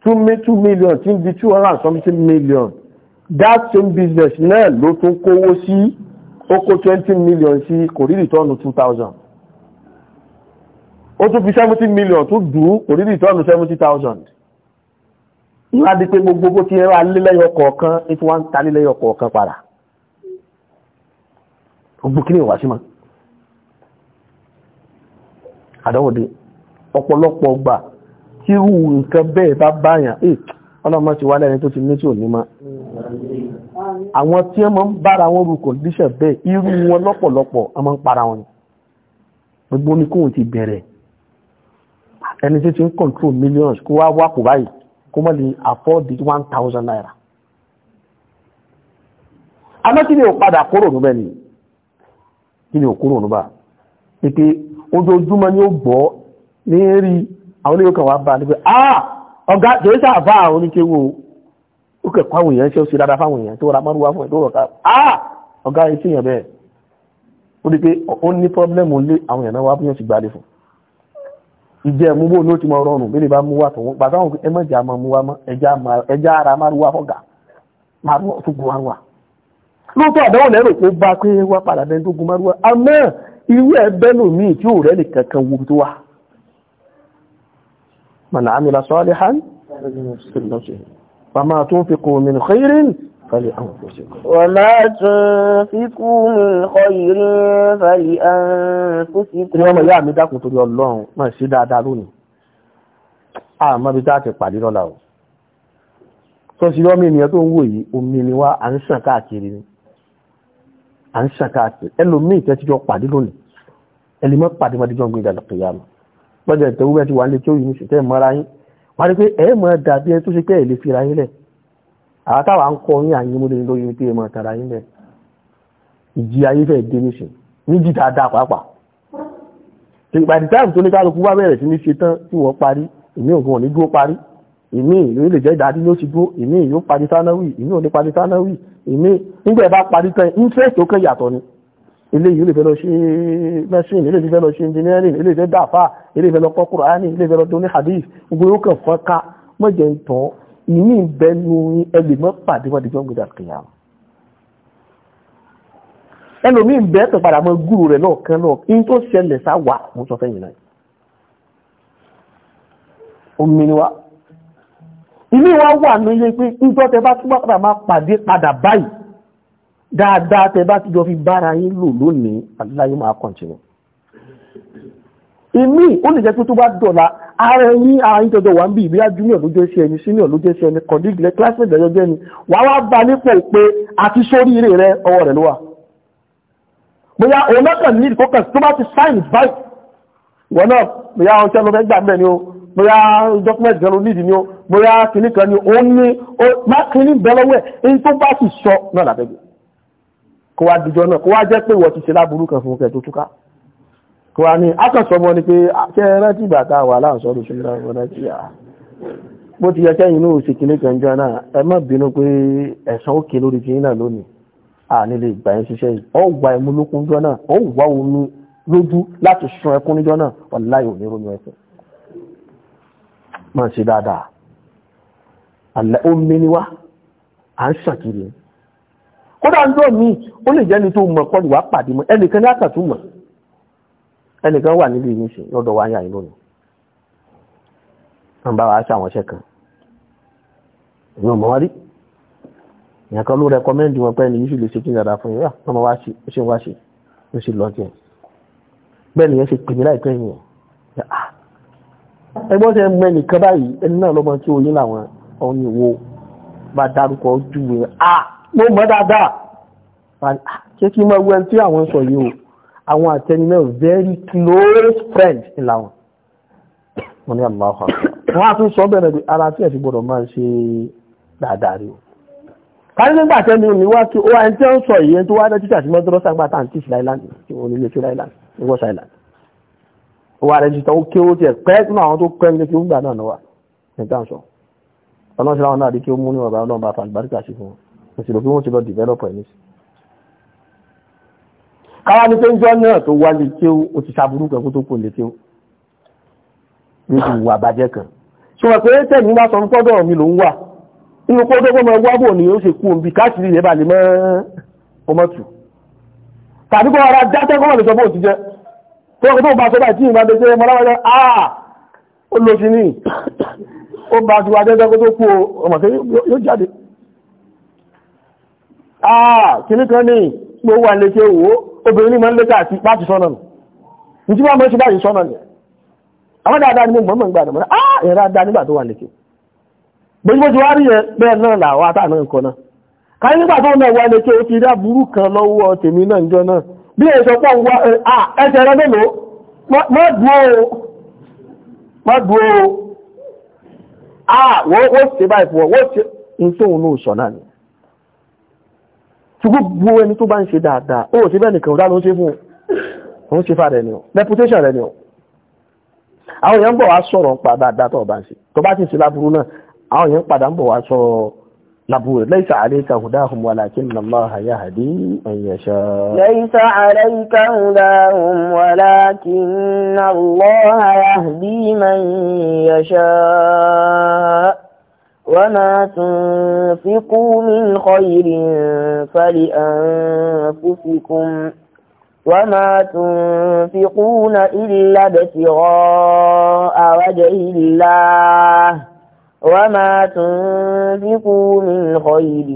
Speaker 1: two two million tí ń di two hundred and something million that same business náà ló tún kówó sí ó kó twenty million sí kò rí return two thousand ó tún fi seventy million tó dùn kò rí return seventy thousand ìwà di pé gbogbo bó ti rà lélẹ́yọ̀ kọ̀ọ̀kan ní tí wọ́n ń ta lélẹ́yọ̀ kọ̀ọ̀kan padà gbogbo kí ni ìwà sí máa àdánwòdé ọ̀pọ̀lọpọ̀ gbà tírú nǹkan bẹ́ẹ̀ bá báyàn eh, ọlọ́mọ ti wá lẹ́ni tó ti ní tí ò ní ma àwọn tí wọ́n máa ń bára wọn rú condition bẹ́ẹ̀ irú wọn lọ́pọ̀lọpọ̀ wọ́n ń para wọn gbogbo ní kóhun ti bẹ̀rẹ̀ ẹni tí ti ń control millions kó wá wá kò báyìí kó mọ́ lè afford the one thousand naira amẹ́kí ni ò padà kúrò níbẹ̀ ni kí ni ò kúrò níbà pé ojoojúmọ́ ni ó gbọ́ ní rí àwọn olóyè kan wá bá ní pé ah ọ̀gá kìí sàfà àwọn oníkéwò ó kẹ̀kọ́ àwọn èèyàn ṣe ó ṣe dáadáa fáwọn èèyàn tó ra mọ́rú wá fún ẹ̀ tó rọ̀ ká ah ọ̀gá yìí sí èèyàn bẹ́ẹ̀ ó di pé ó ní pọ́blẹ́mù lé àwọn èèyàn náà wá fún yẹn ti gbálẹ̀ fún ìjẹ́ mú bó ló ti mọ rọrùn bí lè bá mú wá tọ̀wọ́ pàtàkùn ẹ mọ̀ ìjà máa mú wá mọ́ ẹja ara márùwá fọ́gà márùwá tó gun márùwá lóòótọ́ àdáwọ̀ lẹ́rù kó bá pé wá padà bẹ́ẹ̀ irú ẹ̀bẹ́lò míì tí ò rẹ̀ lè kankan wo tó wà man amila salihan fama tunfiqu min khairin فلأنفسكم
Speaker 2: وما تنفقوا من خير فلأنفسكم ọmọ ìyá mi dákun torí ọlọ́run
Speaker 1: máa ṣe dáadáa lónìí àmọ́ pàdé lọ́la o sọ́sí ènìyàn tó ń wò yìí omi ni wá à ń sàn káàkiri ni à ń ṣàkáàkiri ẹlòmíì tẹ́tíjọ́ pàdé lónìí ẹlòmọ́ pàdé mọ́tíjọ́ ń gbé ìdàlọ́ kìyàmù lọ́jọ́ ìtẹ́wúgbẹ́ ti wà ní kéwì ní ṣùtẹ́ mọ́ra yín wọ́n rí pé ẹ̀ mọ́ dàbí ẹ tó ṣe pé ẹ̀ lè fira yín lẹ̀ àwọn táwa ń kọ́ yín àyín múlẹ̀ lórí pé ẹ mọ́ tara yín lẹ̀ ìjì ayé fẹ́ dé níṣìn ní jì dáadáa pàápàá by the time tó ní kálukú wá bẹ̀rẹ̀ sí ní ṣe tán tí wọ́n parí èmi ògùn ò ní dúró parí èmi ìlú lè jẹ́ ìdádí ló ìlú parí sánáwì èmi ò ní parí sánáwì ìmí nígbà ẹ bá parí tán interest ó kàn yàtọ̀ ni eléyìí ó lè fẹ́ lọ ṣe mẹ́sìn eléyìí fẹ́ lọ ṣe engineering eléyìí fẹ́ dàfà eléyìí fẹ́ lọ kọ́ Kùránì eléyìí fẹ́ lọ dún hadith gbogbo yóò kàn fọ́n ká mọ̀jẹ̀ ń tọ́ ìmí ìbẹ́nu ẹlẹ́mọ́ pàdé wọn dìjọ́ gbọdọ̀ kìyà ẹlòmíì bẹ́ẹ̀ tó padà mọ gúrù rẹ̀ náà kan náà kí n tó ṣẹlẹ̀ sá wà mo sọ fẹ́yìn náà omi ni wa ilé wa wà nílé pé ìjọ́ tẹ bá túnbọ̀ padà máa pàdé padà báyìí dáadáa tẹ bá tíjọ fi bára yín lò lónìí aláyé máa kọ̀ǹtínú ìmí ó lè jẹ́ pé tó bá dọ̀la ara yín ara yín jọjọ wà ń bí ìbíyá junior ló jẹ́ sí ẹni senior ló jẹ́ ẹni colleague lẹ classmate lẹ́jọ́ jẹ́ ni wà wá ba nípò pé àti sórí ire rẹ ọwọ́ rẹ̀ ló wà bóyá òun náà ní ìkókàn tó bá ti sign báyìí wọn náà bóyá ọ̀sẹ̀ ló fẹ́ gbà mẹ́ni o bóyá dọ́kúmẹ̀tì kan ló nídi ni ó bóyá kìíní kan ni ó ní má kìíní bẹ́lọ́wẹ̀ èyí tó bá sì sọ náà làbẹ́gbẹ̀ kó wá dìjọ́ náà kó wá jẹ́ pé ìwọ ti ṣe láburú kan fún kẹtó túká kó wá ní akọ̀sọmọ ni pé ṣe rántí ìgbà tá a wà láǹsọ́ lóṣù náà wọn náà ti yà bó ti yẹ kẹ́yìn náà ṣe kìíní kan jọ náà ẹ má bínú pé ẹ̀san ó lórí kìíní náà lónìí à nílé ìgbà yẹn ṣiṣẹ́ yìí ó wà ẹ̀mú lókun jọ náà ó wà omi lójú láti sun ẹkún níjọ náà ọ̀láyò ní rómi ẹsẹ̀ máa ṣe dáadáa àlẹ́ ó mẹ́ni wá à ń ṣàkiri kódà ń dọ̀ mí ó lè jẹ́ ni tó mọ̀ kọ́ ìwà pàdé mọ́ ẹnìkan ní àtàtú mọ̀ ẹnìkan wà nílé yìí ṣe lọ́dọ̀ wá yà ìlú ni wọ́n bá ṣàwọn ṣẹ́ kan ìwọ̀n ọmọ wa rí kan ló rẹkọmẹ́ndì wọn pẹ́ni yíṣù lè ṣe kí dáadáa fún ìyá ọmọ wa ṣe wá ṣe ló ṣe lọ́jẹ́ bẹ́ẹ̀ ni yẹn ṣe pè mí láìpẹ́ yìí ẹgbọ́n ṣe mẹ́ nìkan báyìí ẹni náà lọ́mọ tí oyin làwọn ọ̀hún ìwo bá dárúkọ júwe à mo mọ̀ dáadáa ṣé kí n máa wẹ́n tí àwọn sọ yìí o àwọn àtẹni náà very close friend làwọn mo ní àlọ́ àwọn àwọn àti sọ bẹ̀rẹ̀ bí ara tí ẹ̀sìn gbọ́dọ̀ máa ṣe dáadáa rí o kárí nígbà tẹ́ni ní wá sí ó wá ẹni tí ó ń sọ ìyẹn tó wá dẹ́ títà sí mọ́tò lọ́sàgbà tá à ń tì sí island ìwọ̀n ilé sí island ní wọ́s island wà rẹ̀ jìtàn ó kí ó tiẹ̀ pẹ́ nínú àwọn tó pẹ́ nílé kí ó gbà náà náà wà nígbà sọ ọlọ́run ṣe láwọn náà rí kí ó mú ní ọ̀bá ọlọ́run bá fàgbáríkà sí fún wọn mo sì rò pé wọ́n ti lọ dìvẹ́lọ́pọ̀ ẹ̀mí sí. káwá ní pé ń jọ náà tó wá lè kí ó ti ṣàbùrú kan kó tó kó lè kí ó ní ti wà bàjẹ́ kan ṣe wọ́n pé tẹ̀mí wá sọ fọ́dọ̀ mi ló ń wà inú kọ́dọ̀ pé mo wá bò ó ṣe kú òǹbí káàkiri ìrẹ́bà lè mọ́ ọmọ tù tàbí kọ́ ara dátẹ́ tó bá sọ́bá tí ìgbà bẹ́ sẹ́rẹ̀ mọ́láwọ́lẹ́ àà ah, ó lò sí ní ó bá ti wà jẹ́jẹ́ kó tó kú ọmọ tó yóò jáde àà ah, kìní kan ní pé ó wà ní lékè owó obìnrin ní ma ń lékà àti pàtì sọ́nà nù ní tí wọ́n mọ́ sí báyìí sọ́nà nù àwọn dáadáa ni mo mọ̀ nígbà mọ́ àà ah, ẹ̀rọ adá nígbà tó wà lékè bẹ́ẹ̀ bó ti wá rí yẹn bẹ́ẹ̀ náà làwọn àtà náà bí ẹ̀ṣọ́ pọ̀ wá ẹ̀ṣẹ̀ rẹ mélòó má dúó o má dúó o à wọ́n ṣe báyìí fún ọ wọ́n ṣe ń tóun náà sọ náà ni tí gbogbo ẹni tó bá ń ṣe dáadáa ó ṣe bẹ́ẹ̀ nìkan ọ̀dá ló ṣe fún òun ṣe fà rẹ̀ ni ọ reputation rẹ̀ ni ọ àwọn èèyàn ń bọ̀ wá sọ̀rọ̀ ń pa dáadáa tó bá ń ṣe tó bá ti ń ṣe láburú náà àwọn èèyàn padà ń bọ̀ wá sọ̀rọ̀ نبور ليس عليك هداهم ولكن الله يهدي من يشاء
Speaker 2: ليس عليك هداهم ولكن الله يهدي من يشاء وما تنفقوا من خير فلأنفسكم وما تنفقون إلا ابتغاء وجه الله وما تنفقوا من خير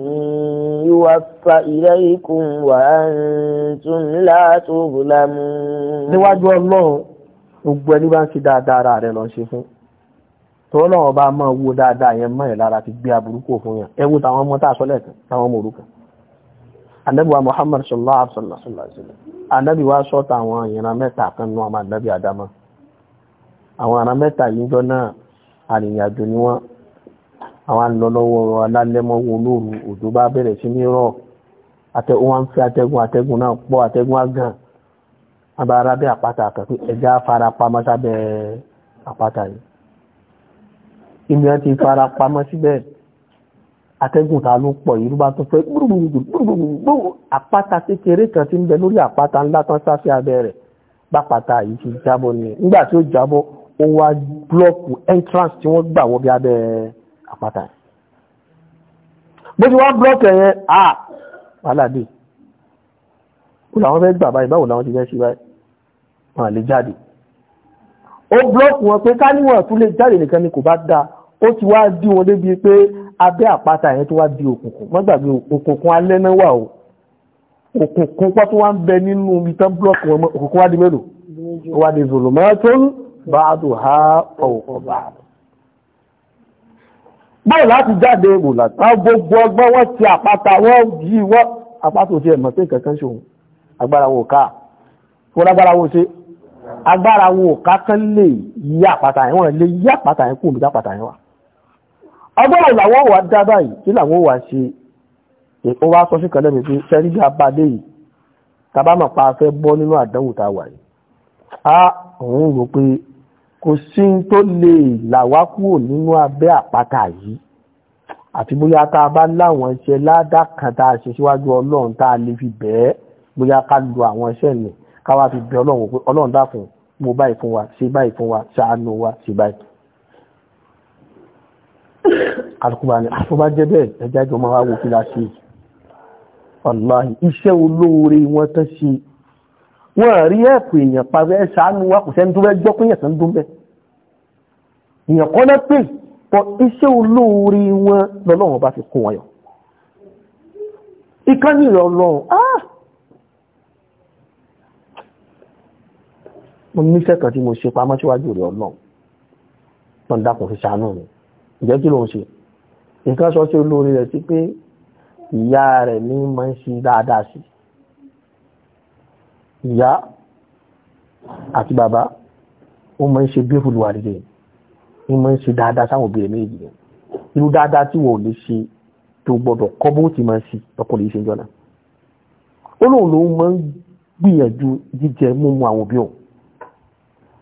Speaker 2: يوفى إليكم وأنتم لا تظلمون níwájú
Speaker 1: ọlọ́run gbogbo ẹni bá ń ṣe dáadáa ara rẹ̀ lọ ṣe fún tó lọ́wọ́ bá máa wo dáadáa yẹn mọ́ ẹ̀ lára ti gbé aburúkú fún yẹn ẹ wo táwọn ọmọ tá a sọ lẹ́ẹ̀kan táwọn ọmọ òrukàn anábìwá Muhammad sallallahu alaihi wa sallam anábìwá sọ táwọn ìran mẹ́ta kan nú ọmọ anábì adama àwọn ìran mẹ́ta yìí jọ náà àrìnrìnàjò ni wọ́n àwọn àlọ́lọ́wọ́ alálẹ́mọ́wọ́ olóòrùn òjò bá bẹ̀rẹ̀ sí ní rọ̀ atẹ́gùn wọn fi atẹ́gùn atẹ́gùn náà pọ̀ atẹ́gùn agàn abá arábẹ́ àpáta àkàtú ẹja fara pamọ́ sábẹ́ àpáta yìí ìmìíràn ti fara pamọ́ síbẹ̀ atẹ́gùn ta ló pọ̀ yìí ló bá tún fẹ́ gbúrúgbúrúgbúrúgbúrú àpáta kékeré kan ti ń bẹ lórí àpáta ńlá tán sáfẹ́ abẹ́ rẹ̀ bápáta yìí ti jábọ́ nìyẹn nígbà tí ó jábọ́ ó wá búlọ́ọ̀kù entrance tí wọ́n gbà wọ́ bí abẹ́ rẹ̀ àpáta ẹ̀ bó ti wá blọ́ọ̀kì ẹ̀yẹn à aládé kó làwọn fẹ́ gbà báyìí báwo làwọn ti fẹ́ ṣe báyìí wọn à lè jáde ó blọ́ọ̀kì wọn pé káníwọ̀n tún lè jáde nìkan ni kò bá dáa ó ti wá dí wọn débi pé abẹ́ àpáta ẹ̀yẹn tó wá di òkùnkùn má gbàgbé òkùnkùn alẹ́ náà wà o òkùnkùn pọ́ tó wá ń bẹ nínú ibi tán blọ́ọ̀kì wọn òkùnkùn wá di mélòó wá di zòlòmọ́ tó ń bá a dùn ha ọ̀wọ̀ ọ̀bà báwo láti jáde wòlà táwọn gbogbo ọgbọ́n wọ́n ti àpáta wọ́n yí wọ́n àpáta òfin ẹ̀mọ̀ pé kankan ṣòun agbára wọn ò ká fún agbára wọn ṣe agbára wọn ò ká kán lè yí àpáta yẹn wọ́n lè yí àpáta yẹn kúrò àpáta yẹn wà ọgbọ́n làwọn wà dá báyìí kí làwọn wà ṣe èkó wá sọ sí kan lẹ́nu pé sẹ́rí bí abáde yìí tàbá mà pa afẹ́ bọ́ nínú àdánwò a wà yìí á òun rò pé kò sí tó lè là wá kúrò nínú abẹ́ àpáta yìí àti bóyá tá a bá láwọn iṣẹ́ ládàá kan tá a ṣe síwájú ọlọ́run tá a lè fi bẹ́ẹ̀ bóyá ká lo àwọn iṣẹ́ nì ká wá fi bẹ ọlọ́run pé ọlọ́run dákun mo báyìí fún wa ṣe báyìí fún wa ṣàánú wa ṣe báyìí. àtùkùbà ni àfọwọ́ ah, bá jẹ́ bẹ́ẹ̀ ẹja jọ máa wá kí la ṣe ọ̀la iṣẹ́ olóore wọn tán ṣe wọ́n rí ẹ̀pù èèyàn pàwẹ́ ṣàánú wá kò sẹ́ni tó fẹ́ gbọ́ pínyẹ̀ tán dún bẹ́ èèyàn kọ́ lẹ́ pè pọ̀ iṣẹ́ olóore wọn lọ́lọ́run bá fi kún wọn yọ ọlọ́run ah mo níṣẹ́ kan tí mo ṣe pamọ́ síwájú rẹ̀ ọlọ́run náà dákun fi ṣàánú mi ìjẹ́ kí ló ń ṣe ìyá àti bàbá ó mọ́ ń ṣe bífù lùwà rẹ̀ ní mọ́ ń ṣe dáadáa sáwọn òbí rẹ̀ méjì rẹ̀ irú dáadáa tí wọ́n lè ṣe tó gbọ́dọ̀ kọ́ bó ti máa ń ṣe ọkùnrin yìí ṣe ń jọ́nà ó lóun lòun máa ń gbìyànjú jíjẹ mímu àwọn òbí òun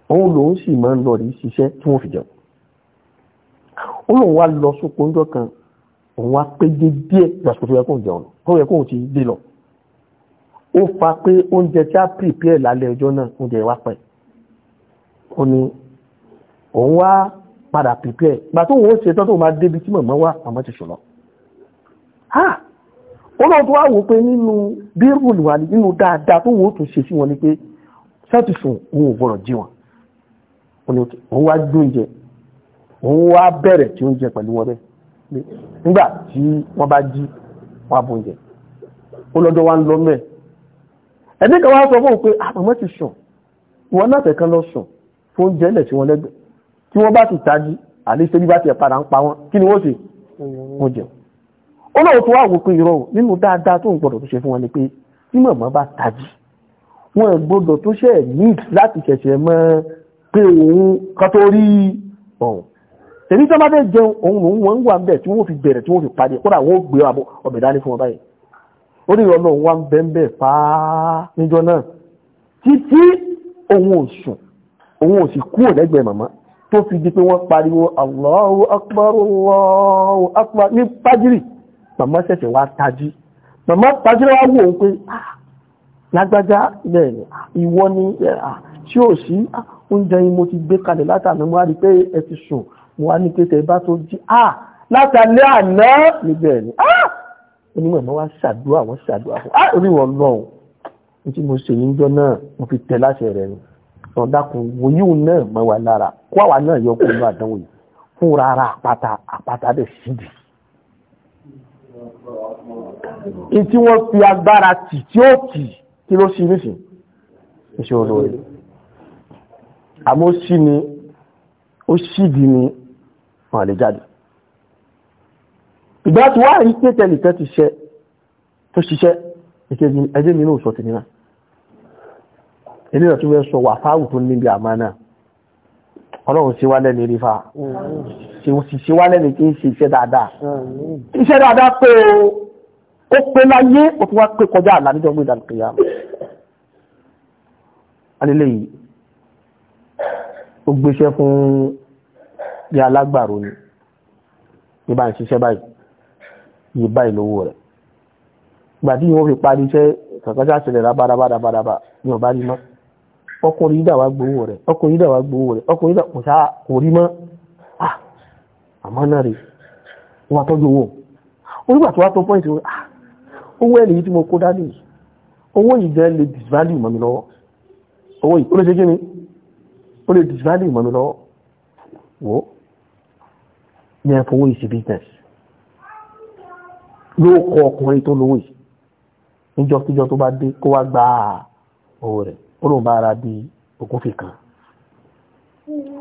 Speaker 1: òun lòun sì máa ń lọ rí ṣiṣẹ́ tí wọ́n fi jẹun ó lóun wá lọ sóko ńjọ́ kan òun wá pé dé díẹ̀ lásìkò yẹ kóun jẹun tó yẹ kóun ti dé lọ ó fa pé oúnjẹ tí a prepare lálẹ́ ọjọ́ náà oúnjẹ wá pẹ̀ ó ní òun wá padà prepare gbà tó wọ́n ṣe tọ́tọ́ máa débi tí mọ̀mọ́ wá àmọ́ ti ṣùlọ ọlọ́run tó wá wò pé nínú bírùlù wà nínú dáadáa tó wọ́n tún ṣe sí wọn ni pé sẹ́tùsùn òun ò gbọ́dọ̀ jí wọn òun wá gbóúnjẹ òun wá bẹ̀rẹ̀ tí ó ń jẹ pẹ̀lú wọn bẹ́ẹ̀ nígbà tí wọ́n bá jí wọn bóúnjẹ ó lọ́dọ̀ ẹ̀mí kan wá sọ fún pé ah, àmọ́ ti sùn wọn náà tẹ̀kan lọ sùn fún jẹ́lẹ̀ tí wọ́n lẹ́gbẹ̀ẹ́ tí wọ́n bá ti tají àléṣe bí bá ti padà ń pa wọn kí ni wọ́n ṣe wọ́n jẹun ó lóun tó wá wò pé irọ́ nínú dáadáa tó ń gbọ́dọ̀ tó ṣe fún wọn ni pé tí mọ̀mọ́ bá tají wọn gbọ́dọ̀ tó ṣe need láti ṣẹ̀ṣẹ̀ mọ́ pé òun kan tó rí ọ̀hún tèmi tó jẹun òun lòun wọn ń wà ń bẹ̀ tí wọ́n fi bẹ̀rẹ̀ tí wọ́n fi parí kódà wọ́n gbé ọbẹ̀ dání fún wọn báyìí orí ọlọ́run wá ń bẹ́ńbẹ́ pàá níjọ náà títí òun ò sùn òun ò sì kúrò lẹ́gbẹ̀ẹ́ màmá tó fi di pé wọ́n pariwo Allahu Akbar Allahu Akbar ní fájírì màmá ṣẹ̀ṣẹ̀ wá tají màmá tají wá wò ó pé ah, lágbájá bẹ́ẹ̀ ah, ìwọ ni tí eh, ah, ò sí oúnjẹ yìí mo ti gbé kalẹ̀ látàná mo wá rí pé ẹ ti sùn mo wá ní pé tẹ bá tó jí látàlẹ́ àná níbẹ̀ ni. Ah! onímọ̀ ìmọ̀ wá ṣàdúrà wọ́n ṣàdúrà fún ah orí wọn lọ o ní tí mo ṣe yín jọ náà mo fi tẹ láṣẹ rẹ ni ọ̀n dákun wòyíù náà mọ̀ wá lára kó àwa náà yọ kó inú àdánwò yìí fún rárá àpáta àpáta dẹ̀ síbi. ní tí wọ́n fi agbára tì tí ó tì kí ló ṣí nísìn iṣẹ́ olóore àmọ́ ó ṣí ni ó ṣídi ni wọ́n lè jáde ìgbà tí wá rí pé tẹnìkan ti ṣe tó ṣiṣẹ́ ẹjẹ́ mi náà sọ ti nínà ilé ìrọ̀ tí wọ́n sọ wà fáwù tó níbi àmà náà ọlọ́run sí wálẹ̀ ní rífà sí wálẹ̀ ní kí ń ṣe iṣẹ́ dáadáa iṣẹ́ dáadáa pé ó pé láyé ó tún wá pé kọjá àlà níjọ́ gbé ìdàlùkè yá alẹ́lẹ́ yìí ó gbéṣẹ́ fún bí alágbàro ni bí bá ń ṣiṣẹ́ báyìí yìí báyìí lówó rẹ̀ gbàdí wọ́n fi parí iṣẹ́ kàkàṣà ṣẹlẹ̀ rábárábárábá ní ọ̀bá rí mọ́ ọkùnrin ìdàwà gbowó rẹ̀ ọkùnrin ìdàwà gbowó rẹ̀ ọkùnrin ìdàwà kò sáà kò rí mọ́ ah, àmọ́ náà rí wọ́n tọ́jú owó onígbà tó wá tó pọ́ìntì wọ́n ah, owó ẹ̀lì yìí disvalue mọ́ mi lọ́wọ́ owó yìí ó lè ṣe kí ni ó lè disvalue mọ́ mi lọ́wọ́ wò ó yẹn fowó yìí business yóò kọ ọkùnrin tó lówó yìí níjọkíjọ tó bá dé kó wá gba owó rẹ̀ ó lóun bá ara bí ogún fi kan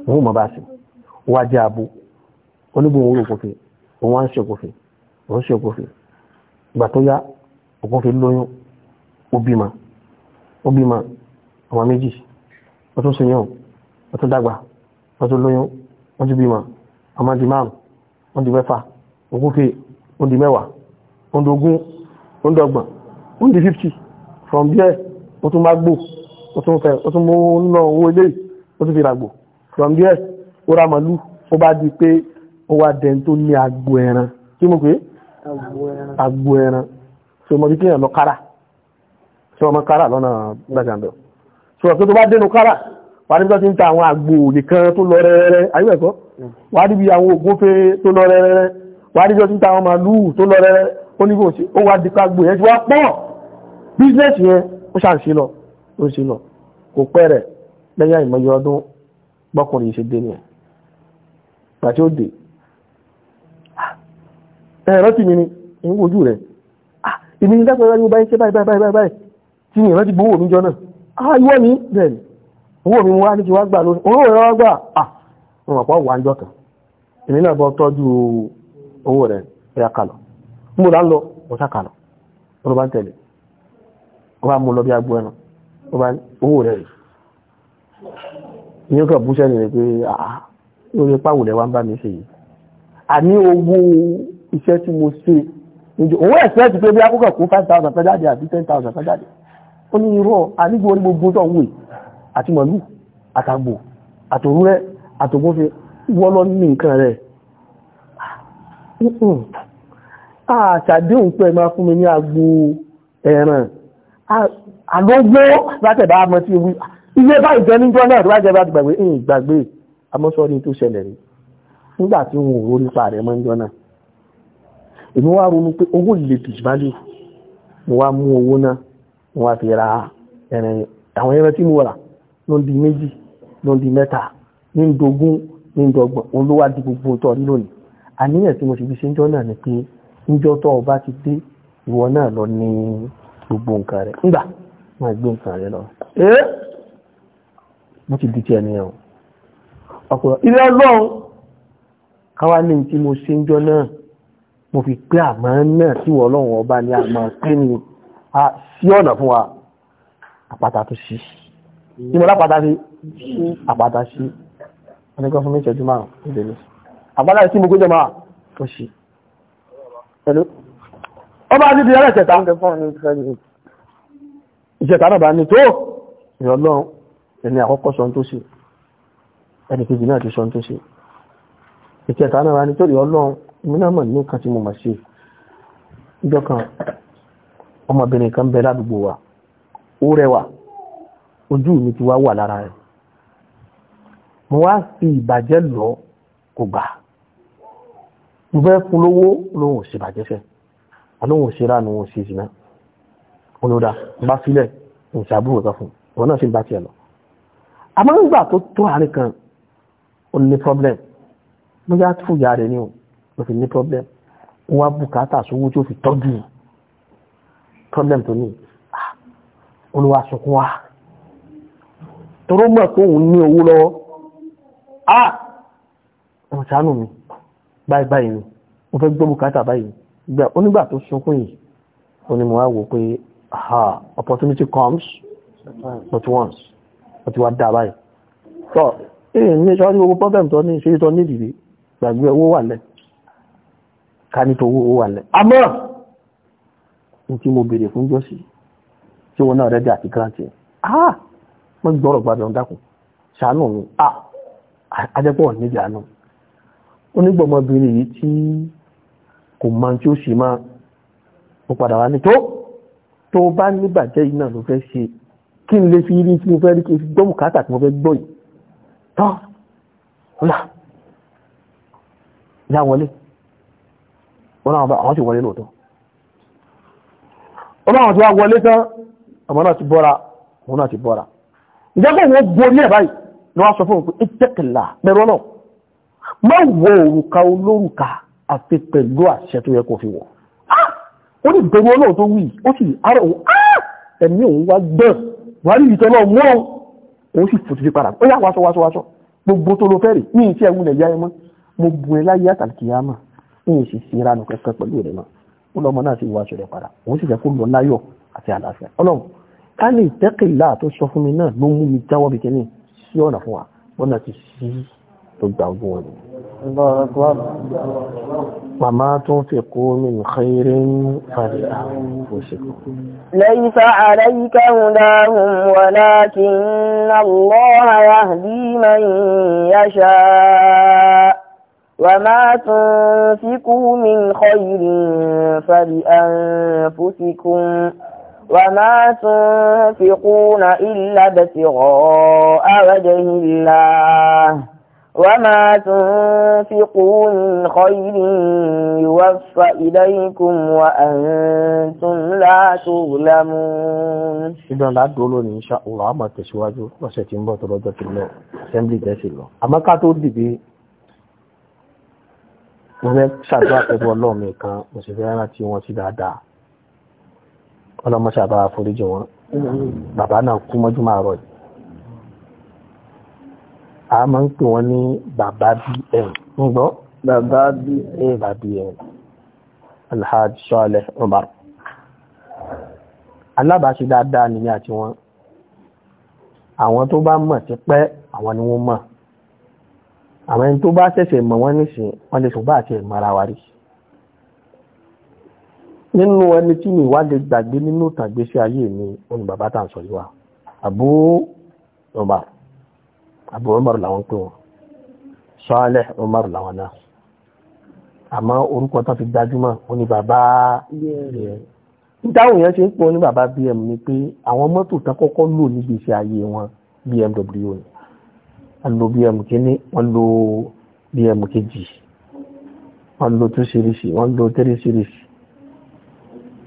Speaker 1: òun mọ̀ bá sí wá jẹ́ abo onígun owó òkúfe òun wá ń ṣe òkúfe òun ṣe òkúfe ìgbà tó yá òkúfe lóyún ó bímọ ó bímọ ọmọ méjì ó tún ṣèyàn ó tún dàgbà ó tún lóyún ó tún bímọ ọmọ di márùn ó di mẹ́fà òkúfe ó di mẹ́wàá ondogún ondọgbọ̀n ondi fifty from there ó tún máa o ó tún fẹ́ ó tún mú nínú owó ilé ó tún fi ràgbò from there ó ra màlúù ó bá di pé ó wá dẹni tó ní agbo ẹran kí mo pé agbo ẹran tí o mọ̀ bí kéèyàn lọ kára tí o mọ̀ kára lọ́nà gbàgàndọ̀ tí o mọ̀ pé tó bá dénú kára wà níbi tó ti ń ta àwọn agbo nìkan tó lọ rẹ́rẹ́rẹ́ ayé mm. wà níbi àwọn ògúnfe tó lọ rẹ́rẹ́rẹ́ wàríjọ́ tí táwọn máa lúù tó lọ rẹ̀rẹ̀ oníbò sí ó wá dípa gbò ẹ̀ tí wá pọ̀ bíznẹ́sì yẹn ó ṣàǹsí lọ ó sí lọ kò pẹ́ rẹ̀ lẹ́yìn ìmọ̀yọ ọdún gbọ́kùnrin ṣe dé nìyẹn pàtí ó dé ah, ah, ẹ̀rọ tì mí ni ń wojú rẹ̀ ìmí ní dákọ̀ọ́rẹ́ ní báyìí ṣe báyìí báyìí báyìí tí mi ìrántí gbowó mi jọ náà ah ìwọ ni bẹ́ẹ̀ ni owó mi wá ní ti wá gbà lónìí owó rẹ̀ wá gbà ah wọn àpá wà ń jọ kan èmi náà bọ́ tọ́jú owó rẹ̀ ẹ̀yà kalọ̀ mú là ń lọ ọ̀sá kalọ̀ ó bá ń tẹ̀lé ó bá mú lọ bí agbó ẹnu ó bá owó rẹ̀ rẹ̀ ìyẹn kan bú sẹ́ni rẹ̀ pé àá lórí pàwùlẹ̀ wa ń bá mi ṣe yìí àní owó iṣẹ́ tí mo ṣe ìjọ òun ẹ̀sẹ̀ ti pé bí akókò kó five thousand fẹ́ jáde àbí ten thousand fẹ́ jáde ó ní irọ́ ànígbò orí gbogbo tó ń wè àti màlúù àtàgbò àtòrúrẹ́ àtògbófin wọ́n lọ ní nǹkan rẹ̀ àṣàdéhùn ah, pé máa fún mi ní agbo ẹ̀ràn ah, àlọ́gbó látẹ̀bá àmọ́ tí wí iye báyìí jẹ́ níjọ́ náà tó bá jẹ́ bá ti gbàgbé ìyìn gbàgbé àmọ́sọ́ ní tó ṣẹlẹ̀ rí nígbà tí wọn ò rò nípa rẹ̀ mọ́ níjọ́ náà èmi wá ronú pé owó lè tìjú bálẹ̀ mo wá mú owó náà mo wá fi ra ẹ̀rìn àníyàn tí mo sì fi ṣe ń jọ náà ni pé níjọ́ tó o bá ti dé ìwọ náà lọ ní gbogbo nǹkan rẹ̀ ńgbà máa gbé nǹkan rẹ̀ lọ. ee mo ti di tiẹ̀ nìyẹn o ọkùnrin ilé ọlọ́run káwá ní tí mo ṣe ń jọ náà mo fi pé àmọ́ náà tí wọ́n ọlọ́run ọba ni àmọ́ pé ni a sí ọ̀nà fún wa àpáta tó ṣí ní mo lápáta sí àpáta sí ọ̀nà ìgbọ́n fún mi ìṣẹ́jú márùn-ún ìdèlè àgbàlá ìsí mo gbójọ máa tó ṣe pẹ̀lú ọba níbi ẹ̀rẹ́ ìṣẹ̀ta ìṣẹ̀ta náà bá ní tó ìrọ̀lọ́run ẹni àkọ́kọ́ sọ tó ṣe ẹni kejì náà ti sọ tó ṣe ìṣẹ̀ta náà bá ní tó ìrọ̀lọ́run ìmúnámọ̀ ní kan tí mo mọ̀ sí ìjọ kan ọmọbìnrin kan bẹ ládùúgbò wa ó rẹwà ojú mi ti wá wà lára rẹ̀ mo wá fi ìbàjẹ́ lọ kò gbà mo fẹ́ fún lówó lóhun òsì bàjẹ́sẹ̀ alóhun òsì ránú òsì ìsìná olódà bá sílẹ̀ ìṣàbúrò tó fún wọn náà sì bá tiẹ̀ lọ àmọ́ nígbà tó tó àárín kan ó ní problem bóyá fúyà rẹ̀ ni ó ló fi ní problem ó wá bùkátà sówó tí ó fi tọ́jú problem tó ní ah, olúwa sunkún wa toró mọ̀ pé òun ní owó lọ́wọ́ a, ah, ọ̀sánù mi báyìí báyìí ni mo fẹ́ gbọ́ bùkátà báyìí gbà onígbà tó sunkún yìí ó ní mo wá wò pé ha opportunity comes not once ó ti wá dá báyìí So, èyí eh, ní sọ́rí owó problem tó ní ìṣèlú tó nídìí gbàgbé owó wà lẹ̀ ká ní tó owó wà lẹ̀ àmọ́ ní tí mo béèrè fún jọ́sí tí wọn náà rẹ́dí àti grant yẹn ah wọ́n gbọ́rọ̀ gbàgbé ọ̀dàkùn ṣàánú mi ah ajẹ́pọ̀ nídìí àánú onígbọ̀mọbìnrin yìí tí kò mọ tí ó sì máa mo padà wá ní tó tó bá níbàjẹ́ yìí náà ló fẹ́ ṣe kí n lè fi rí tí mo fẹ́ rí kí n fi gbọ́ bùkátà tí mo fẹ́ gbọ́ yìí tán ọ̀là ìyá wọlé àwọn ti wọlé lóòótọ́ ọlọ́run ti wá wọlé tán àmọ́ náà ti bọ́ra òun náà ti bọ́ra ìjọba òun borí ẹ̀ báyìí ni wọ́n sọ fún òun pé ìtẹ́kìlá pẹ̀rọ náà má wọ òrùka olórùka àti pẹ̀lú àṣẹ tó yẹ kó fi wọ̀ ó ní ìbẹ̀rù ọlọ́run tó wí ó sì ara òun ẹ̀mí òun wá gbẹ̀ wà ní ìtọ́ náà mú òun sì fòtìtì padà ó yá wáṣọ wáṣọ wáṣọ gbogbo tó lo fẹ́rẹ̀ ní iṣẹ́ ìwúlẹ̀ yá ẹ mọ́ mo bu ẹ láyé àtàkìyàmà ní ìṣe sí ìranù kẹkẹ pẹ̀lú rẹ̀ náà ó lọ́mọ náà sì wáṣọ rẹ̀ padà òun sì fẹ́ kó lọ láyọ̀ àti àlàáfíà ọlọ́run ká ní ìtẹ́kìlá tó sọ fún mi náà ló mú mi jáwọ́ bìkínì sí ọ̀nà fún wa lọ́nà ti sí tó gba ojú wọn nìyẹn
Speaker 2: الله أكبر
Speaker 1: وما تنفقوا من
Speaker 2: خير فلأنفسكم ليس عليك هداهم ولكن الله يهدي من يشاء وما تنفقوا من خير فلأنفسكم وما تنفقون إلا ابتغاء وجه الله وما تنفقوا من خير يوفى إليكم وأنتم لا تظلمون إذا لا
Speaker 1: تقولون إن شاء الله ما تسواجه وستنبه ترد في الله assembly tẹ́sí lọ àmọ́ ká tó dìde mo fẹ́ ṣàdúrà pẹ̀lú ọlọ́run nìkan mo sì fẹ́ rántí wọn sí dáadáa ọlọ́mọ ṣàbára foríjì wọn bàbá náà kú mọ́jú máa rọ̀ yìí a máa ń pè wọ́n ní bàbá bm ń gbọ́ bàbá bm alhaji sọ́ọ̀lẹ̀ Umar alábàáṣe dáadáa nìyí àti wọn àwọn tó bá mọ̀ ti pẹ́ àwọn ni wọ́n mọ̀ àwọn ẹni tó bá ṣẹ̀ṣẹ̀ mọ̀ wọ́n nísìn wọ́n lè ṣùgbọ́n àti ìmọ̀ra wa rí nínú ẹni tí mi wá lè gbàgbé nínú ìtàgbésí ayé mi òun bàbá tà ń sọ yìí wa Abu Umar Abu Umar làwọn pé wọn Saleh Umar làwọn náà àmọ́ orúkọ tán fi gbajúmọ̀ ó ní bàbá bm nítawọn èèyàn ṣe ń pọ̀ ní bàbá bm ni pé àwọn mọ́tò tán kọ́kọ́ lò níbi iṣẹ́ ayé wọn bmw ni wọ́n lo bm kínní wọ́n lo bm kejì wọ́n lo two series wọ́n lo three series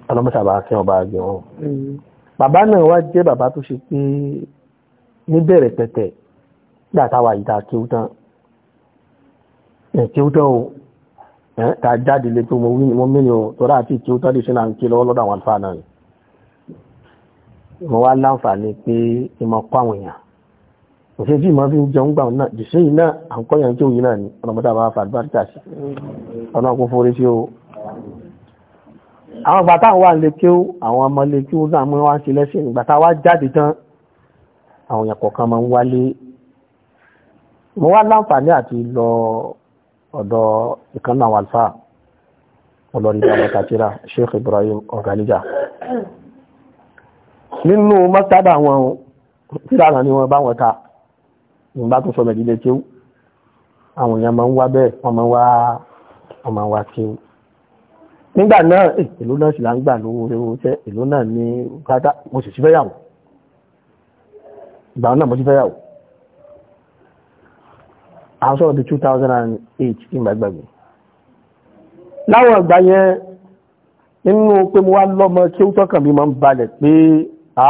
Speaker 1: ọlọ́mọ́sàbà kí ọba àgbẹ̀ wọn. Mm. bàbá náà wá jẹ́ bàbá tó ṣe pé níbẹ̀rẹ̀ pẹ̀tẹ̀ gbàtàwà ìta kí ó tán kí ó tán o ta jáde lè tó mo wí mo mí ni o tọ́rọ àti kí ó tán lè ṣe náà kí lọ́wọ́ lọ́dọ̀ àwọn àlùfáà náà ni mo wá láǹfààní pé ìmọ̀ kọ́ àwọn èèyàn kò sí bí ìmọ̀ fi ń jẹun gbà náà jù sí iná àǹkọ́yàn kí òyìn náà ni ọlọ́mọdé àbá fàdúbàríkà sí ọ̀nà kó forí sí o àwọn bàtà wà lè kí ó àwọn ọmọ lè kí ó náà mọ́ wá ń lẹ́sìn ìgbàtà wá jáde tán àwọn èèyàn kọ̀ọ̀kan máa ń wálé mo wá láǹfààní àti lọ ọ̀dọ̀ ìkànnà wàlfà olórí ìdáwọ̀ kàtíra Sheikh Ibrahim Ọ̀gálíjà nínú mọ́sádà wọn tíráàrà ni wọ́n bá wọn ta ìgbà tó sọ mẹ́jìlẹ̀ tí ó àwọn èèyàn máa ń wá bẹ́ẹ̀ wọ́n máa ń wá wa tí ó nígbà náà eh, èlò náà sì là ń gbà lówó ewu tẹ́ èlò náà ní kátà mo sì ti fẹ́yàwó àwọn sọ̀rọ̀ bí 2008 ìgbàgbàgbà láwọn ìgbà yẹn nínú pé mo wá lọ́mọ kí ó tọ́kàn mi máa ń balẹ̀ pé a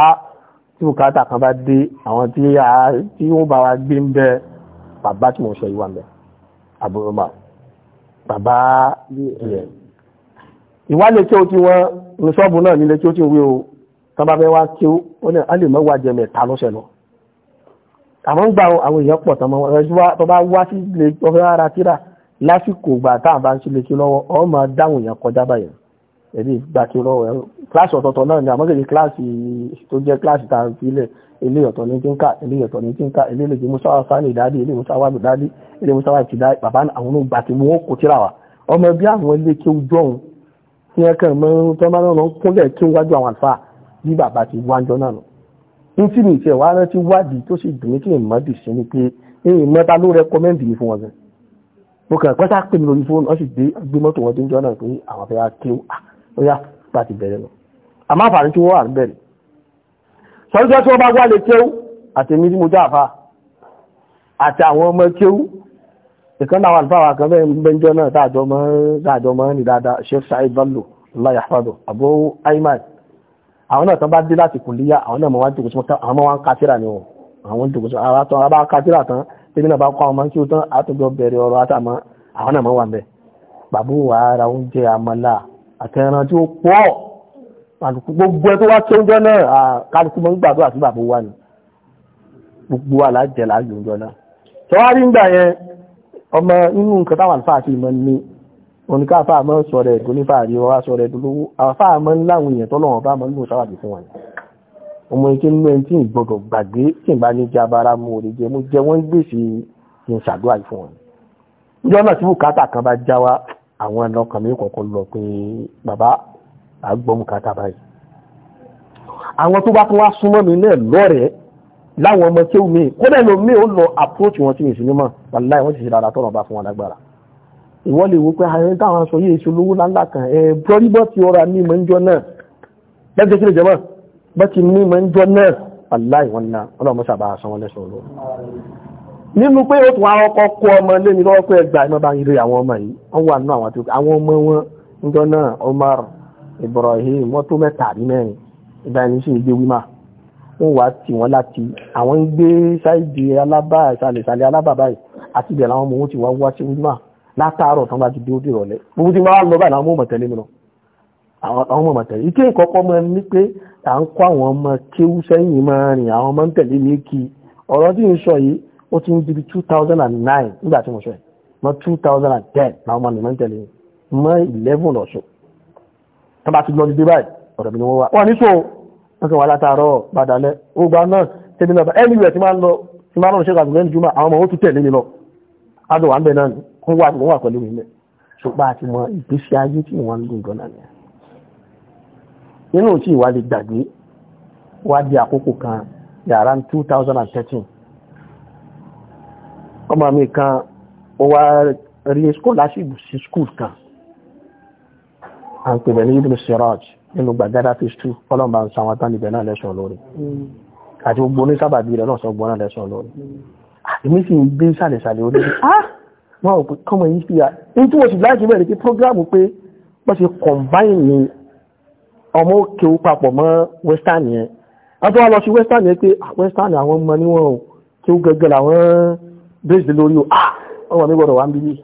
Speaker 1: tí mo káàtà kan bá dé àwọn tí a tí wọ́n bá wa gbé ń bẹ bàbá tí mo sọ ìwà ń bẹ àbúrò máa bàbá rẹ̀ ìwálé kí ó ti wọ́n ní ṣọ́ọ̀bù náà nílé kí ó ti wí o tán bá fẹ́ wá kí ó ní a lè mọ́ wájẹ mẹ́ta lọ́sẹ̀ náà àmọ́ ń gba àwọn èèyàn pọ̀ tọmọ tó bá wá sí ilé ọfẹ́ ara tíra lásìkò ìgbà tá à bá ń ṣe lè ṣe lọ́wọ́ ọ máa dáhùn èèyàn kọjá báyìí ẹ̀bí ìgbà tí lọ́wọ́ ẹ̀ kíláàsì ọ̀tọ̀ọ̀tọ̀ náà ni àmọ́ kèké kíláàsì tó jẹ́ kíláàsì tá à ń filẹ̀ ilé ọ̀tọ̀ ní tínká ilé ọ̀tọ̀ ní tínká ilé lè musa wa sani ìdádì ilé musa wa ìdádì ilé musa wa ìtìdá bàbá àwọn ògbà tí wọn kò tíra wa ọmọ bí àwọn ilé ní mi ìfẹ́ wàá rántí wádìí tó sì dùn mí kí n má dì sí ni pé ẹ̀yìn mẹ́ta ló rẹ́kọ́mẹ́ǹdì mi fún wọn gan mo kàn pẹ́ sáà pè mí lórí fóònù wọ́n sì gbé gbé mọ́tò wọn déjọ́ náà pé àwọn afẹ́ wa ah, ó yá bá ti bẹ̀rẹ̀ lọ àmọ́ àfààní tí wọ́n wà bẹ̀rẹ̀ sọ́jọ́ tí wọ́n bá wálé kéwù àtẹ̀mí tí mo já àfà àti àwọn ọmọ kéwù ìkan náà àlùfáà wa kan bẹ́ẹ̀ bẹ́ńjọ́ náà dáàjọ́ àwọn náà tán bá dé láti kùlíyà àwọn náà mọ̀ wá jòkó sọ́kà àwọn máa ń ka tíra ni wọn àwọn jòkó sọ́kà ara tán bá ka tíra tán tèmi náà bá kọ́ àwọn kí o tán àtúntò bẹ̀rẹ̀ ọ̀rọ̀ àtàmọ́ àwọn náà wà mẹ́. bàbá wa ara oúnjẹ àmàlà àtẹran tí ó pọ̀ gbogbo ẹ tó wá tó oúnjẹ náà kálukú máa ń gbàdúrà sí bàbá wa ni gbogbo alájẹ láàyò oúnjẹ náà. tọ́wárí ń gbà yẹn ọmọ inú nǹkan táwọn àlùfáà ti mọ ní oníkàfà àmọ́ sọ̀rọ̀ ẹ̀dùn nípa àríwá wá sọ̀rọ̀ ẹ̀dùn lówó àfà àmọ́ láwọn èèyàn tọ́lọ́wọ́n bá mọ́ nínú sáwàdì fún wọn ọmọ ike nínú ẹni tí ìgbọ́dọ̀ gbàgbé tí ìgbà ní jabara mo lè jẹ mo jẹ wọ́n gbèsè kí n ṣàdúrà fún wọn níjọ́ náà tí bùkátà kan bá já wa àwọn ẹlọ́kàn mi kọ̀ọ̀kan lọ pé bàbá àgbọ̀ bùkátà báyìí àwọn tó bá tún wá súnmọ́ mi náà lọ́rẹ̀ẹ́ láwọn ọmọ kéwù mi kódà lómi ò lọ àpótí wọn tí mi sì ní mọ̀ wàláì wọ́n ti ṣe dáadáa tọ́nà bá fún wọn lágbára ìwọ lè wò pé àwọn táwọn aṣọ yìí èso lówó láńlá kan ẹ bọ́rí bọ́ ti ọ̀rọ̀ ní ìmọ̀ ń jọ náà lẹ́gbẹ̀ẹ́ kí lè jẹ́ mọ́ bọ́ ti ní ìmọ̀ ń jọ náà aláì wọn náà ọlọ́mọ sábà aṣọ wọn lẹ́sọ̀ lọ. nínú pé ó tún àwọn ọkọ̀ kó ọmọ lé ní lọ́wọ́ pé ẹgbàá ìmọ̀ bá rí àwọn ọmọ yìí wọ́n wà nínú àwọn àti àwọn ọmọ wọn ń náà Omar Ibrahim wọ́n tó mẹ́ta àbí mẹ́rin ìbánisí ìgbé wímà wọ́n wá tì wọ́n láti àwọn ń gbé sáìdì alábà ìsàlẹ̀ ìsàlẹ̀ alábà báyìí àti ìbẹ̀rẹ̀ àwọn ọmọ wọn ti wá wá sí wímà látàárọ̀ tán bá ti dé ó dì rọ̀lẹ́ gbogbo tí wọ́n wá lọ báyìí àwọn ọmọ tẹ̀lé mi lọ àwọn ọmọ tẹ̀lé ike ìkọ́kọ́ mọ ní pé à ń kó àwọn ọmọ kéwú sẹ́yìn máa rìn àwọn ọmọ ń tẹ̀lé mi kí ọ̀rọ̀ tí ń sọ yìí ó ti ń di bí two thousand and nine nígbà tí mo sọ yìí mọ two thousand and ten làwọn ọmọ mi máa ń tẹ̀lé mi mọ eleven lọ́sọ̀ tán bá ti lọ dídé báyìí ọ̀dọ̀ mi ni wọ́n wá wọ́n ní so wọ́n ti wà látàárọ̀ padàlẹ́ ògbà náà tẹ́lẹ̀ náà fún wà níwà pẹ̀lú mi ṣùgbọ́n àti mọ ìgbésí ayé tí wọ́n ń lò gọ́nà ni nínú tí ìwà lè gbàgbé wá di àkókò kan yàrá 2013 ọmọ mi kan ó wá rí scholarship sí school kan à ń pè bẹ̀ ní ibùdó siraj nínú gbàgádá phase two ọlọ́mọba ń sa àwọn tán níbẹ̀ náà lẹ́sọ̀ lórí mm. àti gbogbo onísábàbí rẹ̀ náà sọ gbogbo náà lẹ́sọ̀ lórí mm. ah, èmi sì ń gbé sàlẹ̀sàlẹ̀ orí ah wọn ò pé kọ́mọ yìí fi à ní tí mo sì láti bẹ̀rẹ̀ pé prógrámù pé wọ́n ṣe kọ̀ǹbáìnì ọmọ òkè ó papọ̀ mọ́ western yẹn wọ́n tó wá lọ sí western yẹn pé ah, western àwọn ọmọ níwọ̀n o kí ó gẹ́gẹ́ làwọn bẹ́ẹ̀sì lórí o ah ọmọ mi gbọ́dọ̀ wá ń bí yìí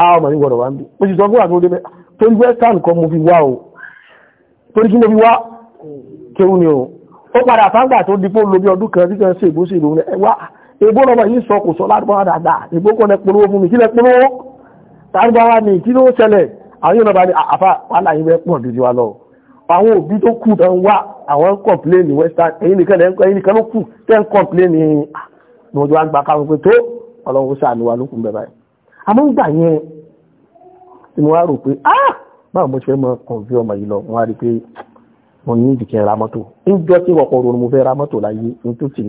Speaker 1: ah ọmọ mi gbọ́dọ̀ wá ń bí mo sì sọ fún àgbọ̀dé bẹ́ẹ̀ torí western kan mo fi wá o torí kí mo fi wá kéwù ni o ó padà fáńgbà tó dipó lo bí ọdún kan tí kan ṣe ìbúṣe ìlú ẹ wá èbó lọ́mọ yìí sọ kò sọ lárúbáwá dáadáa èbó kọ́ lẹ polówó fún mi kí lẹ polówó lárúbáwá ni kí ló ṣẹlẹ̀ àwọn yóò bá ní ah, àfa wàhálà yìí pọ̀ dídí wa lọ àwọn òbí tó kù tán wá àwọn ń western ẹ̀yin nìkan lẹ́ńkọ́ ẹ̀yin nìkan ló kù tẹ́ ń kọ̀pléènì lọ́jọ́ wa gba káwọn pé tó ọlọ́run ah báwo mo ṣe mọ kọ̀ǹfì ọmọ yìí lọ wọ́n á rí i pé mo ní ìdìkẹ́ ra mọ́tò ń jọ́ sí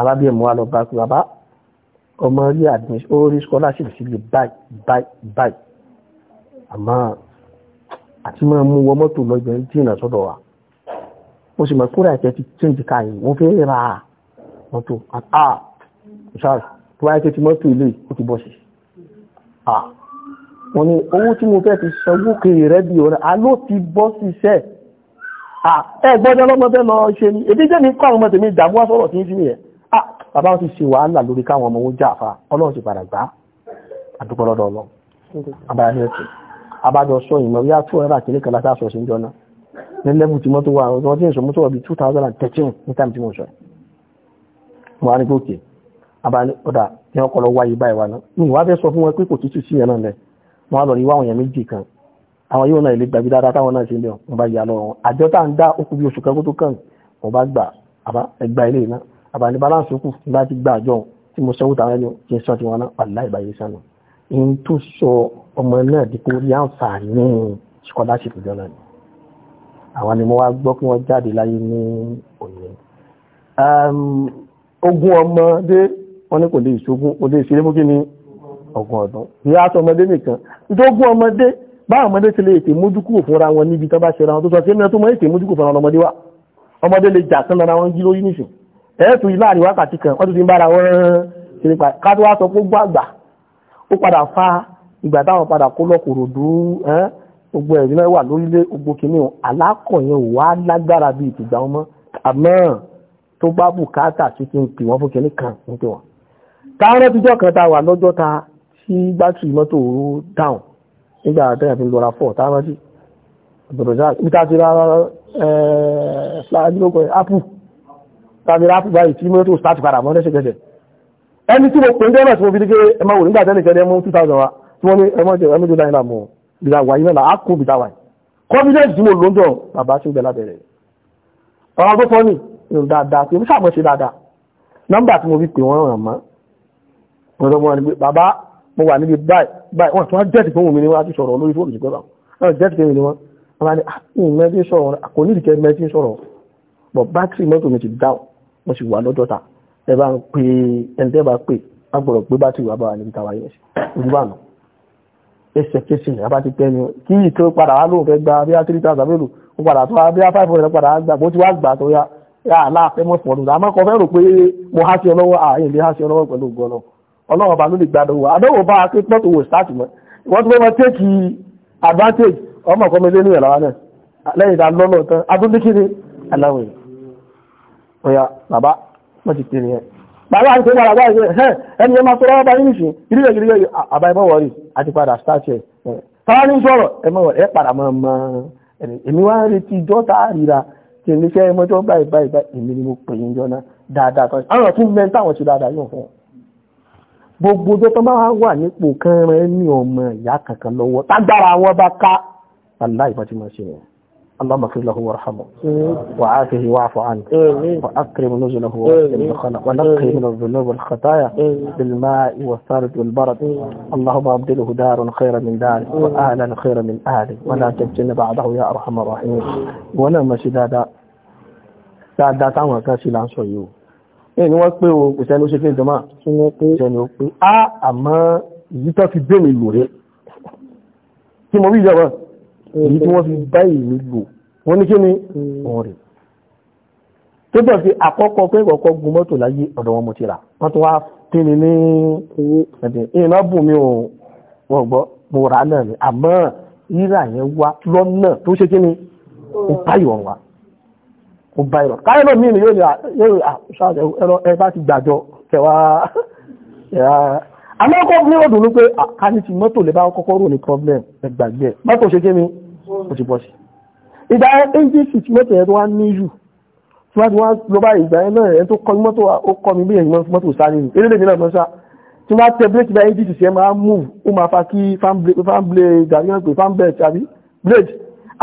Speaker 1: arábìnrin mu wa lọ bá pé bàbá ọmọ rí admission ó rí scholarship síbi báyìí báyìí báyìí àmọ́ àti máa mú wọ mọ́tò lọ́jọ́ jìnnà sọ́dọ̀ wa mo sì mọ̀ kúrò àìsẹ́ ti change car yìí wọ́n fẹ́ ra mọ́tò àà ṣáàrù tó wáyé tó ti mọ́tò ilé ó ti bọ́ sí wọ́n ní owó tí mo fẹ́ ti sanwó kiri rẹ̀ bí ọ̀rẹ́ aló ti bọ́ sí iṣẹ́ àà ẹ gbọ́dọ̀ lọ́mọ fẹ́ lọ ṣe ni èdè jẹ́ mi kọ́ àwọn ọmọ tèmi ìdààmú wá sọ̀rọ̀ tí ń fi yẹn bàbá ti ṣe wàhálà lórí káwọn ọmọ owó jàfà ọlọ́run ti padà gbá àdúgbò lọ́dọ̀ ọlọ́run abáyá ní ẹ̀kẹ́ abájọ sọ ìmọ̀ bí a tó ẹ̀rọ àkíní kan látàṣọ sí jọ náà ní lẹ́bù tí mọ́tò wà ọ̀rọ̀ tí èso mọ́tò wà bí 2013 ní tàbí tí mo sọ wà ní gòkè abáyá ọ̀dà ní ọkọ̀ lọ wáyé báyìí wà náà ní ìwà fẹ́ sọ fún wọn pé kò tútù àwọn yóò náà ilé gbàgbé dáadáa táwọn náà ṣe ń bẹ̀ wọn bá yà lọ àjọ tá ń dá okùn bí oṣù kan kó tó kàn wọn bá gbà ẹgbà ilé náà àbàlí balance kù bá gbà àjọ tí mo sọ́wọ́ ẹni kí n ti wọn náà pàdé ìbáyé sánà in tó sọ ọmọ náà di ní àǹfààní scholarship jọ ni àwọn ni mo wá gbọ́ kí wọ́n jáde láyé ní òní ogún ọmọdé wọ́n ní kò lè ṣogún kò lè ṣeré fún kí ni ọgbọ̀n ọ̀dún bí a sọ ọmọdé nìkan ìdógún ọmọdé bá ọmọdé ti lè ètè mójúkú fúnra wọn níbi tán bá ṣe ra wọn tó sọ sí ẹni tó mọ ètè mójúkú fúnra ọmọdé wa ọmọdé lè jà kán lọ́ra wọn jí lórí nìṣẹ́ ẹ̀ẹ́tù láàrin wákàtí kan wọ́n tún ti ń bára wọ́n ṣeré pa ká tó wá sọ pé gbàgbà ó padà fa ìgbà táwọn padà kó lọ́kòrò dùn gbogbo ẹ̀rí náà wà lórílẹ̀ gbogbo kìíní alákọ̀yẹn ò wá lágbára bí ìtìgbà wọn mọ́ àmọ́ tó bá bùkátà sí kí n pè wọ́n fún kìíní kan ní tiwọn. táwọn ẹbíjọ́ kan ta wà lọ́jọ́ ta sí bátìrì mọ́tò òru dáhùn nígbà tẹ́yà fi lọ́ra fọ́ táwọn rántí ọ̀dọ̀dọ̀ ẹ̀ẹ́ samira fúgbà yìí tí mọ́tò start padà mọ́ lẹ́sẹ̀kẹsẹ̀ ẹni tí mo pè ń dẹ́rẹ̀ tí mo fi dígé ẹmọ wò nígbà tẹ́lẹ̀ kẹ́lẹ́ wa tí wọ́n ní ẹmọ jẹ mo lò ń jọ bàbá tí ó bẹ lábẹ́rẹ̀ ọ̀rọ̀ tó fọ́nì ìrù dáadáa pé sáà mọ̀ ṣe dáadáa nọ́mbà tí mo ni bàbá mo wà níbi báyìí wọ́n tún wá jẹ́ẹ̀tì fún mi ni wọ́n á ti sọ̀rọ̀ lórí fóònù ìgbẹ́ bàbá wọ́n jẹ́ẹ̀tì fún mi ni wọ́n wọ́n á ní àkùnrin ah, mẹ́tí sọ̀rọ̀ àkùnrin ìdíkẹ́ wọ́n sì wà lọ́dọ́ta ẹ ń pè ẹni pè á pé bá ti wà bá níbi tàwa yẹn ojú bá nù ẹsẹ̀kẹsẹ̀ ní pẹ́ ni kí padà wá lóun fẹ́ gba bí a three thousand mélòó ó padà tó bí a five hundred padà gbà bó ti wá gbà tó yá yá aláàfẹ́ mọ́ àmọ́ fẹ́ mo há sí ọ lọ́wọ́ àyìn lè há sí ọ lọ́wọ́ pẹ̀lú ló lè bá ọ̀yà bàbá wọ́n ti tèrè ẹ̀. bàbá àti tẹ́gbà àgbà ìṣe ẹ̀ ẹni ẹ máa tọrọ ọba yìí nìṣe ìrírẹ̀ ìrírẹ̀ àbá ẹ mọ̀wọ́rì àti padà stáṣẹ̀ ẹ̀ tàwa ní sọ̀rọ̀ ẹ ẹ padà mọ̀ mọ̀ èmi wá retí ijọ́ a kí èmi ṣe báyìí báyìí báyìí èmi ni mo pè yín jọ náà dáadáa tán àwọn mẹ́ táwọn ṣe dáadáa yóò fún ọ gbogbo اللهم اغفر له وارحمه وعافه واعف عنه واكرم نزله ونقه من الذنوب والخطايا بالماء والثلج والبرد اللهم ابدله دارا خيرا من داره واهلا خيرا من اهله ولا تبتن بعده يا ارحم الراحمين وانا ماشي دادا dáadáa táwọn ọ̀kan sí là ń sọ yìí o ní ni wọ́n pé o kò sẹ́ni ó ṣe fẹ́ ìjọmọ́ ìṣẹ́ni ó pé á àmọ́ ìyí fi bẹ́ẹ̀ mi lò rẹ̀ tí mo rí ìjọba èyí tí wọ́n fi bá ìwé lò wọ́n ní kí ni wọ́n mm. rè tó bọ̀ sí àkọ́kọ́ pé kọ̀ọ̀kọ́ gun mọ́tò láyé ọ̀dọ̀ wọn mo ti rà wọ́n tún wá pín ní ní ẹ̀dẹ̀ ìrìnà bùn mi ò wọ́n gbọ́ mo rà á náà ni àmọ́ rírà yẹn wá lọ́nà tó ṣe kí ni
Speaker 2: ó bá ìwọ̀
Speaker 1: wá ó bá ìwọ̀ káyọ̀ náà mìíràn yóò ní ah, ẹ̀rọ ẹ bá ti gbàjọ kẹwàá àmọ́kọ́ ní ọdún ló pé àkáni ah, ti mọ́tò lè kọ́kọ́ rò ní problem ẹgbàgbé mọ́tò ṣe kí ni ó ti bọ́ sí ìgbà engine switch mọ́tò yẹn tó wá ní jù tí wọ́n ti wá lọ bá ìgbà yẹn náà yẹn tó kọ́ mọ́tò ó kọ́ mi bí ẹ̀yìn mọ́tò sáré ni eré lèmi náà sá tí wọ́n tẹ brake bá engine switch yẹn máa move ó máa fa kí fan blade gàrí fan belt àbí blade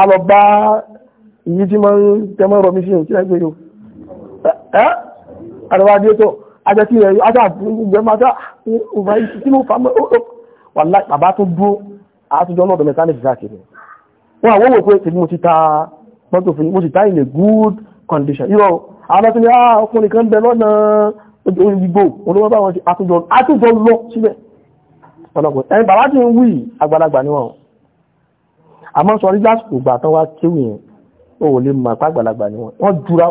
Speaker 1: a lọ bá ìyí tí wọ́n tẹ mọ́ rọ mi sí yẹn kí ajẹ́tí rẹ̀ ajá ìgbẹ̀mọ́já òbá ìsì tí mo fà mọ́ wà láì bàbá tó dúró àtijọ́ lọ́dọ̀ mẹ́tàlẹ́sì káàkiri wọn àwọn òwò pé tèmi mo ti ta mọ́tò fún mo ti ta in a good condition yíò àwọn tó ní àà ah, ọkùnrin kan bẹ lọ́nà ìgbò olówó bá wọn ti àtijọ́ àtijọ́ lọ síbẹ̀ ọlọ́gbọ̀n ẹni bàbá ti ń wí àgbàlagbà ni wọn àmọ́ sọ rí lásìkò gbà tán wá kéwì yẹn òun lè mọ̀ àgbàlagbà ni wọn wọ́n jura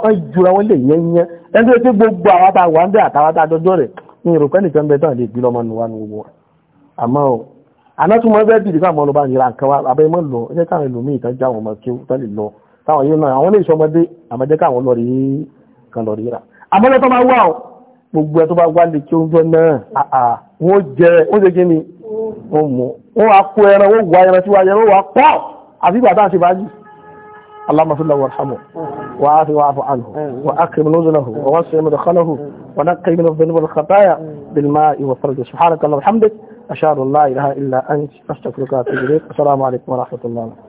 Speaker 1: wọ́n lè yẹ́nyẹ́ ẹni tó ti gbogbo àwọn tá a wà ń bẹ́ àtàwọn tá a dọ́jọ́ rẹ̀ ní ìròpẹ́ nìkan bẹ́ẹ̀ tán lè bí lọ́mọ nùwà ní gbogbo wọn àmọ́ o anátúmọ̀ bẹ́ẹ̀ bìrì káwọn ọlọ́ba nira nǹkan wa abẹ́ mọ́ lọ ẹjẹ́ káwọn ẹlòmíì tán já àwọn ọmọ kí wọ́n lè lọ táwọn yìí náà àwọn lè sọ ọmọdé àmọ́jẹ́ káwọn lọ اللهم صل وارحمه وعافي وعفو عنه واكرم نزله ووسع مدخله ونقي من الذنوب والخطايا بالماء والثلج سبحانك اللهم وبحمدك اشهد ان لا اله الا انت استغفرك واتوب اليك السلام عليكم ورحمه الله